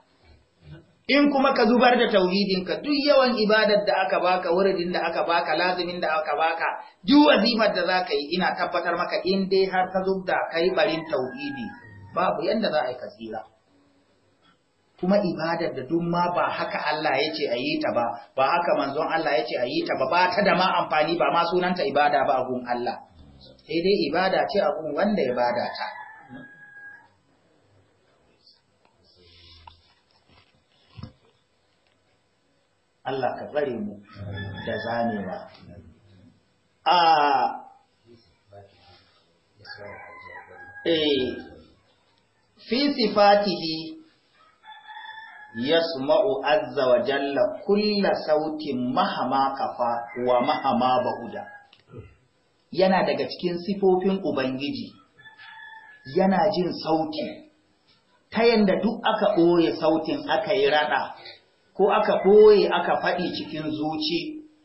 in kuma ka zubar da tauhidinka duk yawan ibadar da aka baka wuridin da aka baka lazimin da aka baka duk wazimar da zaka yi ina tabbatar maka in dai har ka zubda kai barin tauhidi babu yanda za a yi kasira kuma ibadar da duk ma ba haka Allah ya ce a yi ta ba ba haka manzon Allah ya ce a yi ta ba ba ta da ma amfani ba ma sunanta ibada ba a gun Allah sai dai ibada ce a gun wanda ya bada ta Allah ka tsare mu da zanewa a eh Fatihi ya yasma'u azza wa jalla kulla sautin mahama kafa wa mahama ba'uda yana daga cikin sifofin ubangiji yana jin sauti ta yanda duk aka ɓoye sautin aka yi raɗa. ko aka ɓoye aka faɗi cikin zuci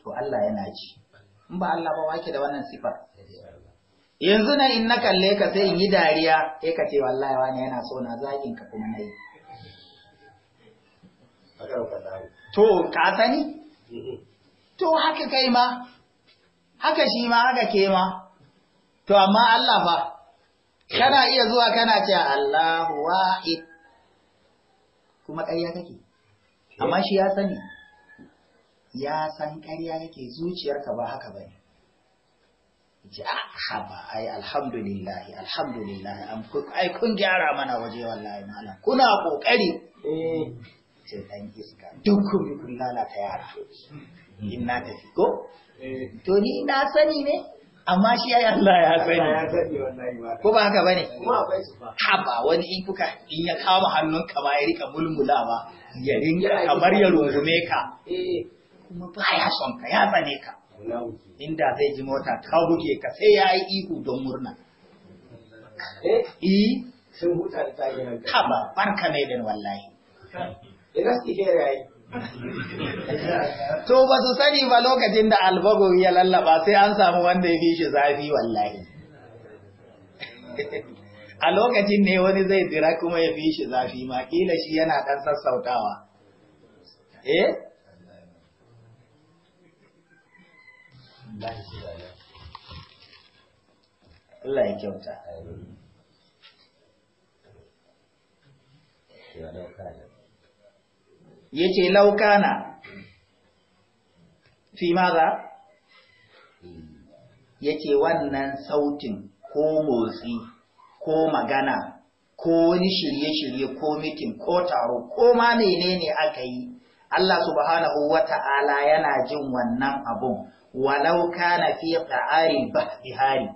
to Allah yana ji in ba Allah ba wake da wannan sifar yanzu na in na kalle ka sai in yi dariya sai ka ce wallahi wani yana so na zakin ka kuma nayi to ka sani to haka kai ma haka shi ma haka ke ma to amma Allah fa kana iya zuwa kana ce Allahu wahid kuma ƙarya kake amma shi ya sani ya san ƙarya yake zuciyarka ba haka bane jaha ba ai alhamdulillahi alhamdulillahi an ai kun gyara mana waje wallahi malam kuna kokari eh. sai dan iska dukkan kun lalata yara in na tafi ko eh. to ni na sani ne amma shi ya Allah ya sani ko ba haka bane haba wani in kuka in ya kama ka ba ya rika mulmula ba ya ringa kamar ya rungume ka eh. kuma baya son ka ya bane ka inda zai ji mota ta buge ka sai ya yi ihu don murna eh, eh. sun huta da tsayin ka ba barka ne din wallahi ina su ke yayi to ba su sani ba lokacin da albago ya lallaba sai an samu wanda ya fi shi zafi wallahi [LAUGHS] a lokacin ne wani zai tsira kuma ya fi shi zafi ma kila shi yana ɗan sassautawa eh Allah ya kyauta ya ce laukana fi maza ya ce wannan sautin ko motsi ko magana ko wani shirye-shirye ko mitin ko taro ko ma menene aka yi Allah subhanahu wa ta'ala yana jin wannan abun walau kana fi qa'ari bihari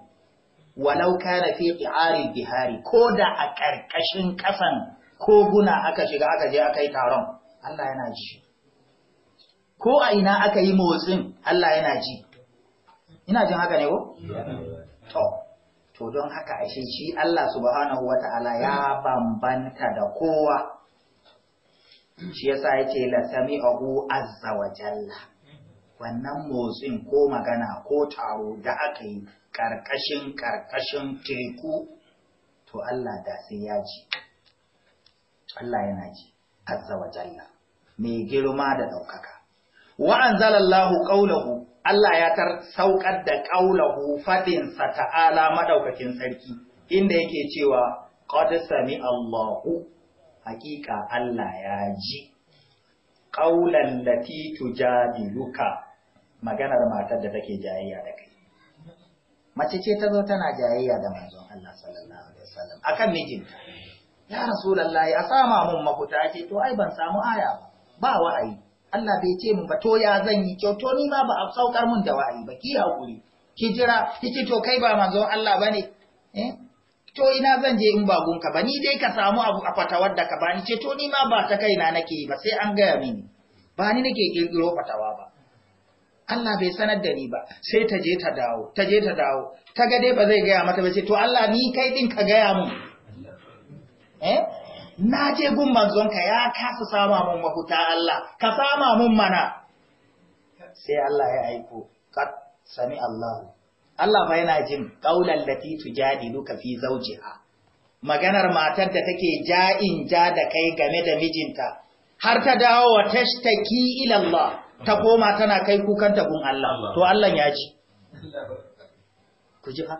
walau kana fi qa'ari bihari ko da a karkashin kasan koguna aka shiga aka je aka yi taron Allah yana ji ko a ina aka yi motsin Allah yana ji ina jin haka ne ko to to don haka ashe shi Allah subhanahu wa ta'ala ya bambanta da kowa shi ya ya yake la sami'ahu azza wa jalla wannan motsin ko magana ko taro da aka yi karkashin karkashin teku to Allah da sai ya ji Allah yana ji azza wa jalla mai girma da ɗaukaka wa anzalallahu Allah ya tar saukar da ƙaulahu faɗinsa ta'ala maɗaukakin sarki, inda yake cewa, Qad sami Allahu, haƙiƙa Allah ya ji, ƙaulan latitu tujadiluka maganar matar da take jayayya da kai. Mace ce ta zo tana jayayya da manzon Allah sallallahu Alaihi wasallam a kan mijinta. Ya Rasulallah ya sama mun mafuta ce, to ai ban samu aya ba, ba wa'ayi. Allah bai ce mun ba to ya zan yi kyau to ni ma ba a saukar mun da wa'i ba ki hakuri ki jira kici to kai ba manzon Allah bane eh to ina zan je in bagun ka ba ni dai ka samu abu a fatawar da ka ba ni ce to ni ma ba ta kaina nake ba sai an gaya mini ba ni nake kirkiro fatawa ba Allah bai sanar da ni ba sai ta je ta dawo ta je ta dawo ta ga dai ba zai gaya mata ba ce to Allah ni kai din ka gaya mun eh na je gun manzonka ya kasa sama mun mafuta Allah ka sama mun mana sai Allah ya aiko ka sami Allah Allah fa yana jin qaulal lati tujadiluka fi zawjiha maganar matar da take ja'in ja da kai game da mijinta har ta dawo wa tashtaki ila ta koma tana kai kukan ta gun Allah to Allah ya ji ku ji fa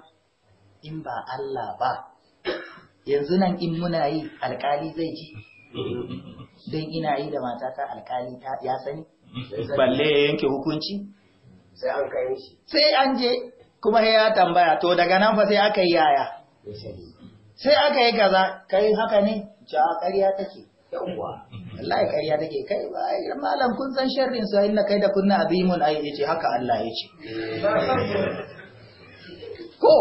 in ba Allah ba yanzu nan in muna yi alkali zai ji don ina yi da matata alkali ya sani balle ya yanke hukunci sai an kai shi sai an je kuma ya tambaya to daga nan fa sai aka yi yaya sai aka yi kaza kai haka ne ja ƙarya take yawwa wallahi ƙarya take kai ba malam kun san sharrin su inna kai da kunna abimun ai yace haka Allah yace eh. ko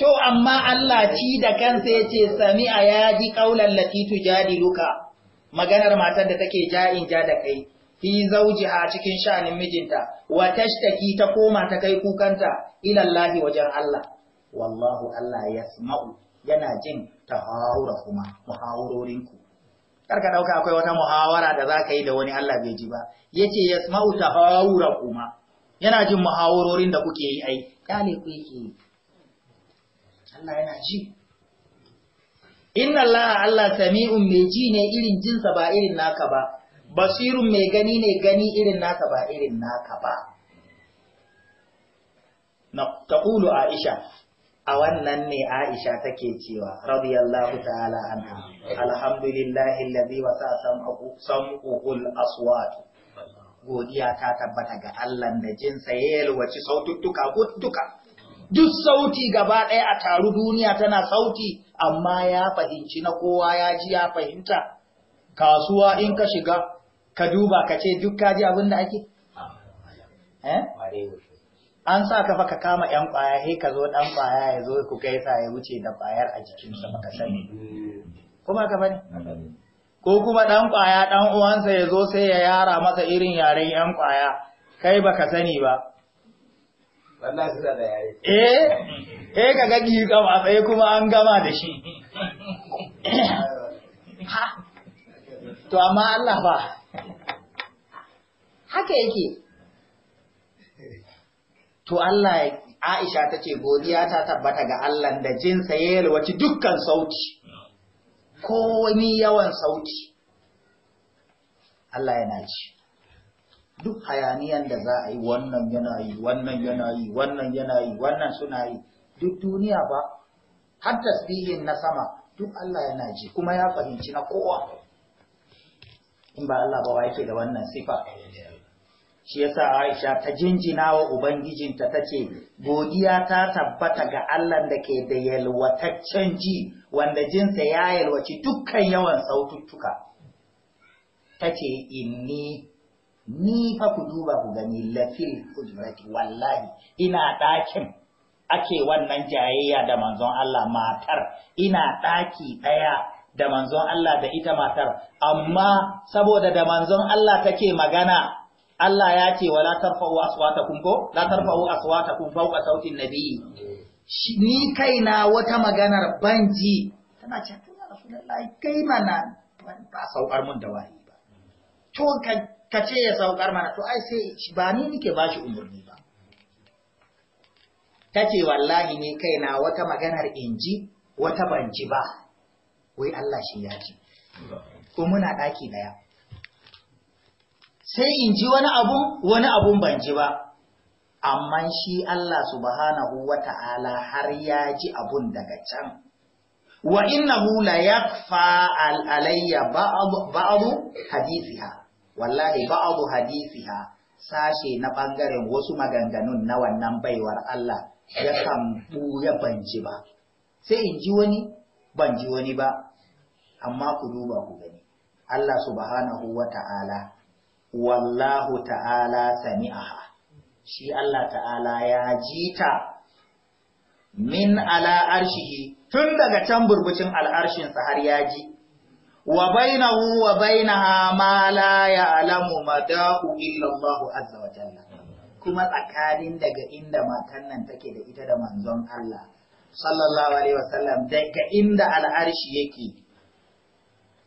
To, amma Allah ci da kansa ya ce, Sami a yaji ƙaunar latitu jadiluka, maganar matar da take ja'in ja da kai, fi zauji a cikin sha'anin mijinta, wa tashtaki ta koma ta kai kukanta, ilallahi wajen Allah. Wallahu Allah ya yana jin tahawura kuma muhawurorinku. Karka ɗauka akwai wata muhawara da za ka yi da wani Allah bai ji ba, ya ce ya sma'u kuma, yana jin muhawarorin da kuke yi ai, ƙyale ku yi. Allah yana ji inna Allah Allah sami'un mai ji ne irin jinsa ba irin naka ba basirun mai gani ne gani irin naka ba irin naka ba na taqulu Aisha a wannan ne Aisha take cewa radiyallahu ta'ala anha alhamdulillahi allazi wasa sam'u sam'ul aswat godiya ta tabbata ga Allah da jinsa ya yalwaci saututtuka guttuka duk sauti gaba ɗaya a taru duniya tana sauti amma ya fahimci na kowa ya ji ya fahimta kasuwa in ka shiga ka duba ka ce duk ka ji abin da ake eh? an sa ka ka kama yan kwaya he ka zo ɗan kwaya ya zo ku gaisa ya wuce da bayar a jikinsa baka sani kuma ka bane ko kuma ɗan kwaya ɗan uwansa ya zo sai ya yara masa irin yaren yan kwaya kai baka sani ba eh eh ka ga giyu tsaye kuma an gama da shi ha to amma Allah ba haka yake to Allah Aisha ta ce godiya ta tabbata ga Allah da jinsa ya yalwaci dukkan sauti ko wani yawan sauti Allah yana ci duk hayaniyan da za a yi wannan yana yi wannan yana yi wannan yana yi wannan suna yi duk duniya ba har tasbihin na sama duk Allah yana ji kuma ya fahimci na kowa in ba Allah ba yake da wannan sifa shi yasa Aisha ta jinjina wa ubangijinta tace godiya ta tabbata ga Allah da ke da yalwataccen ji wanda jinsa ya yalwaci dukkan yawan saututtuka tace inni ni fa ku duba ku gani lafil hujrati wallahi ina ɗakin ake wannan jayayya da manzon Allah matar ina ɗaki ɗaya da manzon Allah da ita matar amma saboda da manzon Allah take magana Allah ya ce wala tarfa'u aswatakum ko la tarfa'u aswatakum fawqa sautin nabiyyi ni kaina wata maganar banji tana ce rasulullahi kai mana ba saukar mun da wahayi ba to kan ka ce ya saukar mana to ai sai ba ni nike ba shi umarni ba ta ce wallahi ne kaina wata maganar inji wata banji ba wai Allah shi ya ji ko muna ɗaki ɗaya sai inji wani abu wani abun banji ba amma shi Allah subhanahu wata'ala har ya ji abun daga can wa innahu la yakfa alayya ba'd hadithiha wallahi ba abu hadisi hadisiha sashe na ɓangaren wasu maganganun na wannan baiwar Allah ya kan ya banji ba sai in ji wani ban wani ba amma ku duba ku gani Allah subhanahu wa ta'ala wallahu ta'ala sami'aha shi Allah ta'ala ya ji ta min ala arshihi tun daga can burbucin al'arshinsa har ya ji wa bainahu wa bainaha ma la ya'lamu madahu illa Allah azza wa jalla kuma tsakanin daga inda matan nan take da ita da manzon Allah sallallahu alaihi sallam daga inda al'arshi yake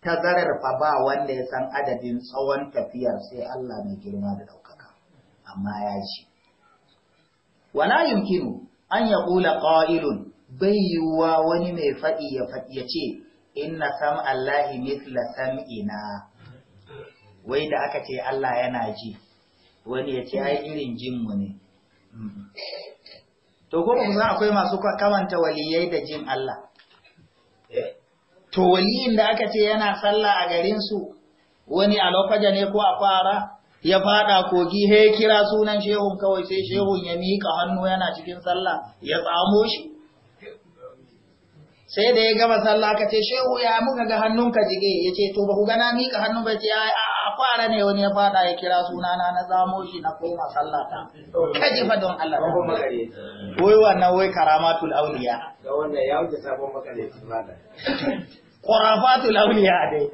tazarar fa ba wanda ya san adadin tsawon tafiyar sai Allah mai girma da daukaka amma ya ji wala yumkinu an yaqula qa'ilun bai yiwuwa wani mai faɗi ya faɗi ya ce inna sam Allahi mithla sam'ina wai da aka ce Allah yana ji wani ya ce ai irin jin mu ne to ko mun san akwai masu kawanta waliyai da jin Allah to waliyin da aka ce yana sallah a garin su wani a lokaja ne ko a fara ya fada kogi he kira sunan shehun kawai sai shehun ya mika hannu yana cikin sallah ya tsamo shi sai da ya gama sallah ka ce shehu ya muka ga hannunka jige ya ce to ba ku gana ka hannu ba ce a fara ne wani ya fada ya kira sunana na zamo shi na koma sallah ta Ka fa don Allah ta wai wannan wai karamatul auliya ga wannan ya wuce sabon makare sunana qurafatul auliya dai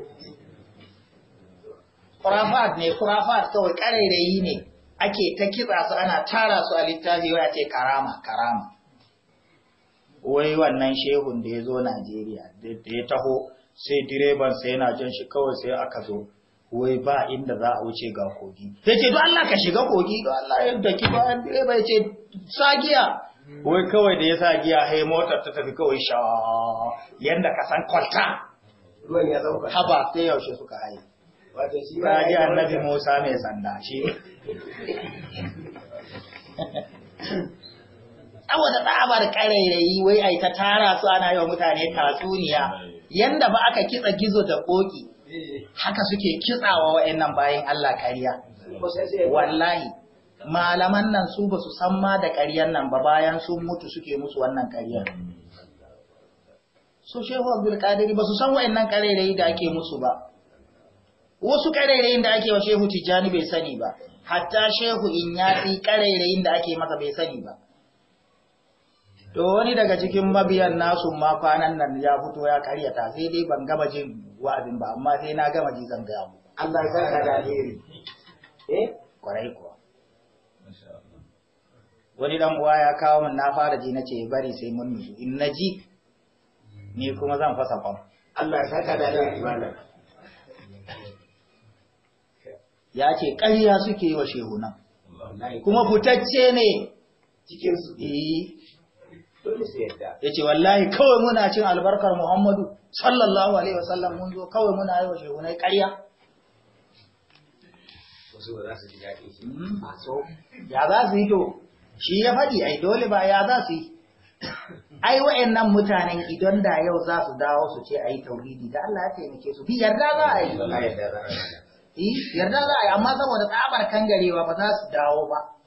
kurafat ne kurafat kawai karairayi ne ake ta kitsa su ana tara su a littafi wai a ce karama karama wai wannan shehun da ya zo Najeriya da ya taho sai direban sai yana jan shi kawai sai aka zo wai ba inda za a wuce ga kogi sai ce don Allah ka shiga kogi don Allah ya daki bayan direba ya ce sagiya hmm. wai kawai da ya sa giya hai motar ta tafi kawai sha yanda ka san kwalta ruwan ya zauka haba sai yaushe suka haye wato shi ba ya annabi Musa mai sanda shi [LAUGHS] saboda tsabar ƙarairayi wai ai ta tara su ana yi wa mutane tatsuniya yanda ba aka kitsa gizo da koki haka suke kitsawa wa'annan bayan Allah kariya wallahi malaman nan su ba su san ma da ƙaryan nan ba bayan sun mutu suke musu wannan ƙaryar su shehu abdul kadiri ba su san wa'annan ƙarairayi da ake musu ba wasu ƙarairayin da ake wa shehu tijjani bai sani ba hatta shehu in yatsi ƙarairayin da ake masa bai sani ba to wani daga cikin mabiyan nasu ma kwanan nan ya fito ya karyata sai dai ban gama jin wa'azin ba amma sai na gama ji zan gaya muku Allah ya saka da alheri eh kwarai kuwa wani dan uwa ya kawo min na fara ji nace bari sai mun nutsu in na ji ni kuma zan fasa fam Allah ya saka da alheri ya ce ƙarya suke yi wa shehunan kuma fitacce ne cikin su eh yace wallahi kawai muna cin albarkar Muhammadu sallallahu alaihi wasallam mun zo kawai muna yi wa shehunai ƙarya wasu ba za su shi hmm. ya za su yi to shi ya faɗi ai dole ba ya za su yi ai wa'annan mutanen idan da yau za su dawo su ce ayi tauhidi da Allah ya taimake su bi yarda za a yi eh, yarda za a yi amma saboda tsabar kangarewa ba za su dawo ba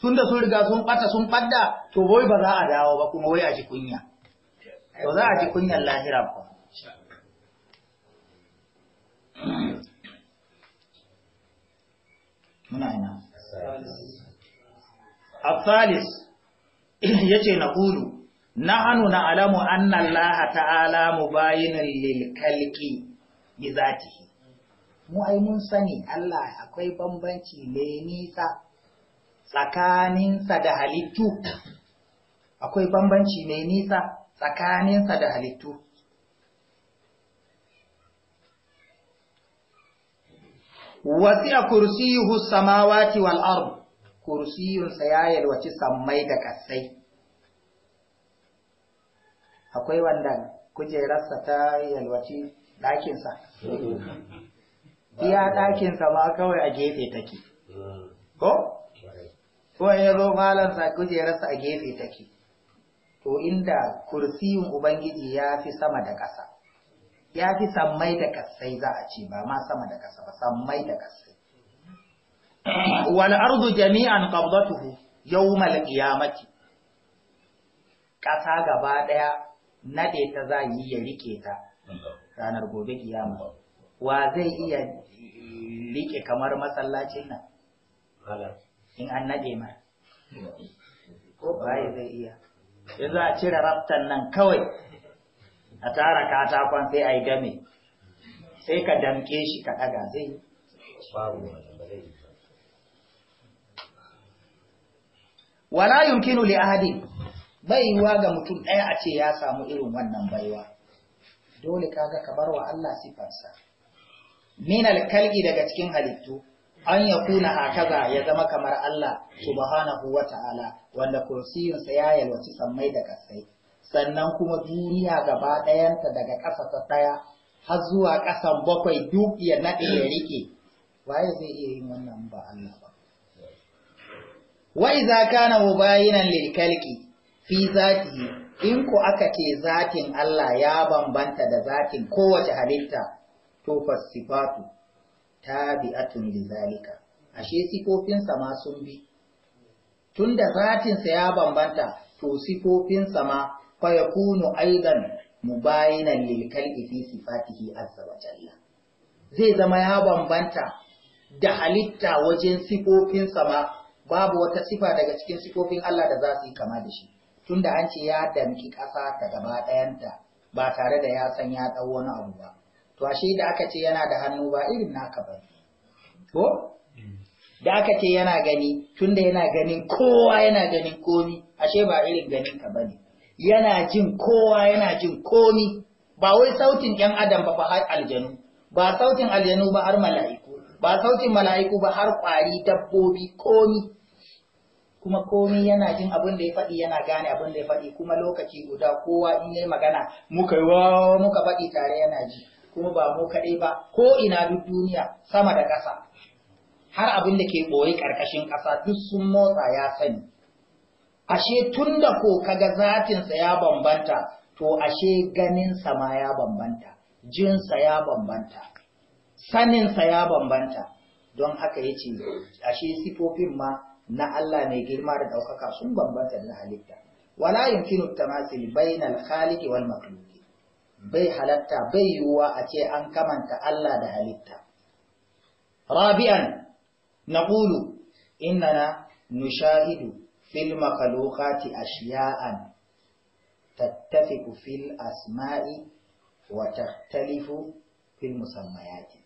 sun da sun riga sun bata sun badda to wai ba za a dawo ba kuma wai a ji kunya to za a ji kunyan lahira ba muna ina الثالث yace na kulu nahanu na alamu anna allaha ta'ala mubayinun lil kalqi bi zatihi mu ai mun sani Allah akwai bambanci ne nisa tsakaninsa da halittu akwai bambanci mai nisa tsakaninsa da halittu wasi'a kursiyuhu samawati wal kursiyunsa ya yalwaci sammai da kasai akwai wanda kujerarsa ta yalwaci ɗakinsa [LAUGHS] iya ɗakinsa ma kawai a gefe take ko ko in ya zo malansa kujerarsa a gefe take to inda kursiyin ubangiji ya fi sama da ƙasa ya fi sammai da ƙasai za a ce ba ma sama da ƙasa ba sammai da ƙasai wani ardu jami'an qabdatuhu yawmal qiyamati ƙasa gaba ɗaya naɗe ta za yi ya rike ta ranar gobe kiyama wa zai iya rike kamar masallacin nan in an naɗe ma ko ya zai iya ya za a cire raftan nan kawai a tara katakon sai a yi game sai ka damke shi ka ɗaga zai wala yumkinu li ahadin baiwa ga mutum ɗaya a ce ya samu irin wannan baiwa dole kaga ka bar wa Allah sifarsa min alkalgi daga cikin halittu an ya kuna kaza ya zama kamar Allah subhanahu wa ta'ala wanda kursiyinsa ya yalwaci sammai da kasai sannan kuma duniya gaba ɗayanta daga ƙasa ta ɗaya har zuwa ƙasan bakwai duk ya naɗe ya riƙe waye zai iya yin wannan ba Allah ba wa iza kana mubayinan lil kalqi fi zati in ku aka ce zatin Allah ya bambanta da zatin kowace halitta to fasifatu tabi'atun lizalika ashe sifofinsa ma sun bi tunda zatin sa ya bambanta to sifofinsa ma fa yakunu aidan mubayinan lil kalbi fi sifatihi azza wa jalla zai zama ya bambanta da halitta wajen sifofinsa ma babu wata sifa daga cikin sifofin Allah da za su yi kama da shi tunda an ce ya damki ƙasa ta gaba ɗayanta ba tare da ya san ya ɗau wani abu ba to ashe da aka ce yana da hannu ba irin naka ba ko da aka ce yana gani tunda yana ganin kowa yana ganin komi ashe ba irin ganin ka bane yana jin kowa yana jin komi ba wai sautin yan adam ba har aljanu ba sautin aljanu ba har mala'iku ba sautin mala'iku ba har kwari dabbobi komi kuma komi yana jin abin da ya faɗi yana gane abin da ya faɗi kuma lokaci guda kowa in yayi magana muka yi wa muka faɗi tare yana ji kuma ba mu kaɗai ba ko ina duk duniya sama da ƙasa har abin da ke ɓoye ƙarƙashin ƙasa duk sun motsa ya sani ashe tun da ko kaga zatinsa ya bambanta to ashe ganinsa ma ya bambanta jinsa ya bambanta saninsa ya bambanta don haka ya ce ashe sifofin ma na Allah mai girma da ɗaukaka sun bambanta da halitta wala yumkinu tamasil bainal khaliqi wal makhluq bai halatta bai yiwuwa a ce an kamanta Allah da halitta. Rabi'an na ƙulu, na nushahidu fil makalokati tattafi ku fil asma'i wa tattalifu fil musammayati.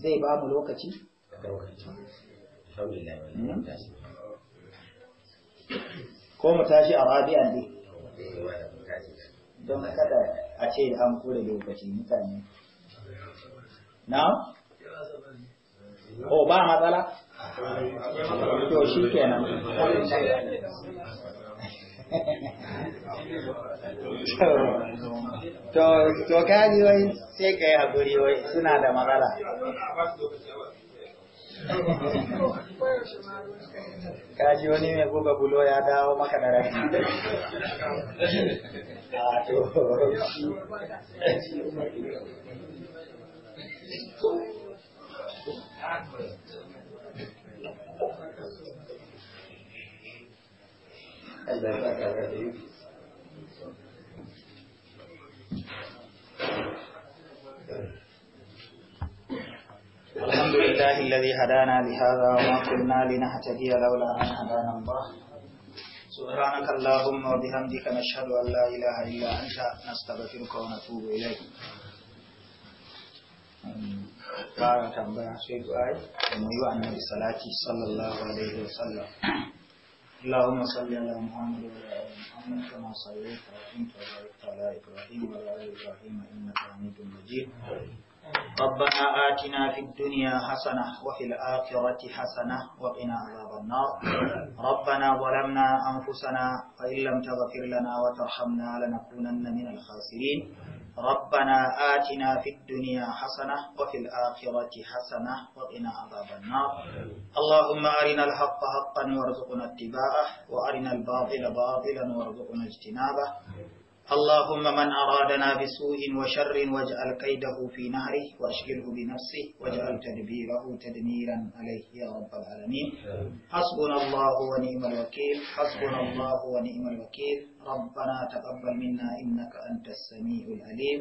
Zai ba mu lokaci? Hmm? Ko mu tashi a rabi'an ne? Eh, Don kada a ce an kore lokaci mutane na? Oh, ba matsala? to shi kenan [LAUGHS] to kaji wai sai ka yi haƙuri wai suna da matsala kaji wani mai goga bulo ya dawo maka da rafi ya الذي هدانا لهذا وما كنا لنهتدي لولا أن هدانا الله سبحانك اللهم وبحمدك نشهد أن لا إله إلا أنت نستغفرك ونتوب إليك fara tambaya sai du'ai da mu yi wa annabi salati sallallahu اللهم صل على محمد وعلى محمد كما صليت وسلمت وباركت على ابراهيم وعلى ابراهيم انك حميد مجيد ربنا آتنا في الدنيا حسنة وفي الآخرة حسنة وقنا عذاب النار ربنا ظلمنا أنفسنا فإن لم تغفر لنا وترحمنا لنكونن من الخاسرين ربنا آتنا في الدنيا حسنة وفي الآخرة حسنة وقنا عذاب النار اللهم أرنا الحق حقا وارزقنا اتباعه وأرنا الباطل باطلا وارزقنا اجتنابه اللهم من أرادنا بسوء وشر واجعل كيده في نهره وأشغله بنفسه واجعل تدبيره تدميرا عليه يا رب العالمين حسبنا الله ونعم الوكيل حسبنا الله ونعم الوكيل ربنا تقبل منا إنك أنت السميع العليم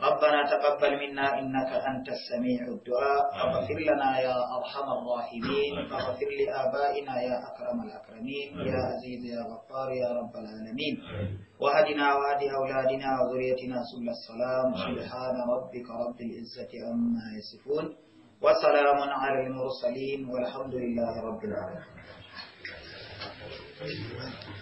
ربنا تقبل منا إنك أنت السميع الدعاء اغفر لنا يا أرحم الراحمين اغفر لآبائنا يا أكرم الأكرمين يا عزيز يا غفار يا رب العالمين وهدنا وهد أولادنا وذريتنا سبل السلام سبحان ربك رب العزة عما يصفون وسلام على المرسلين والحمد لله رب العالمين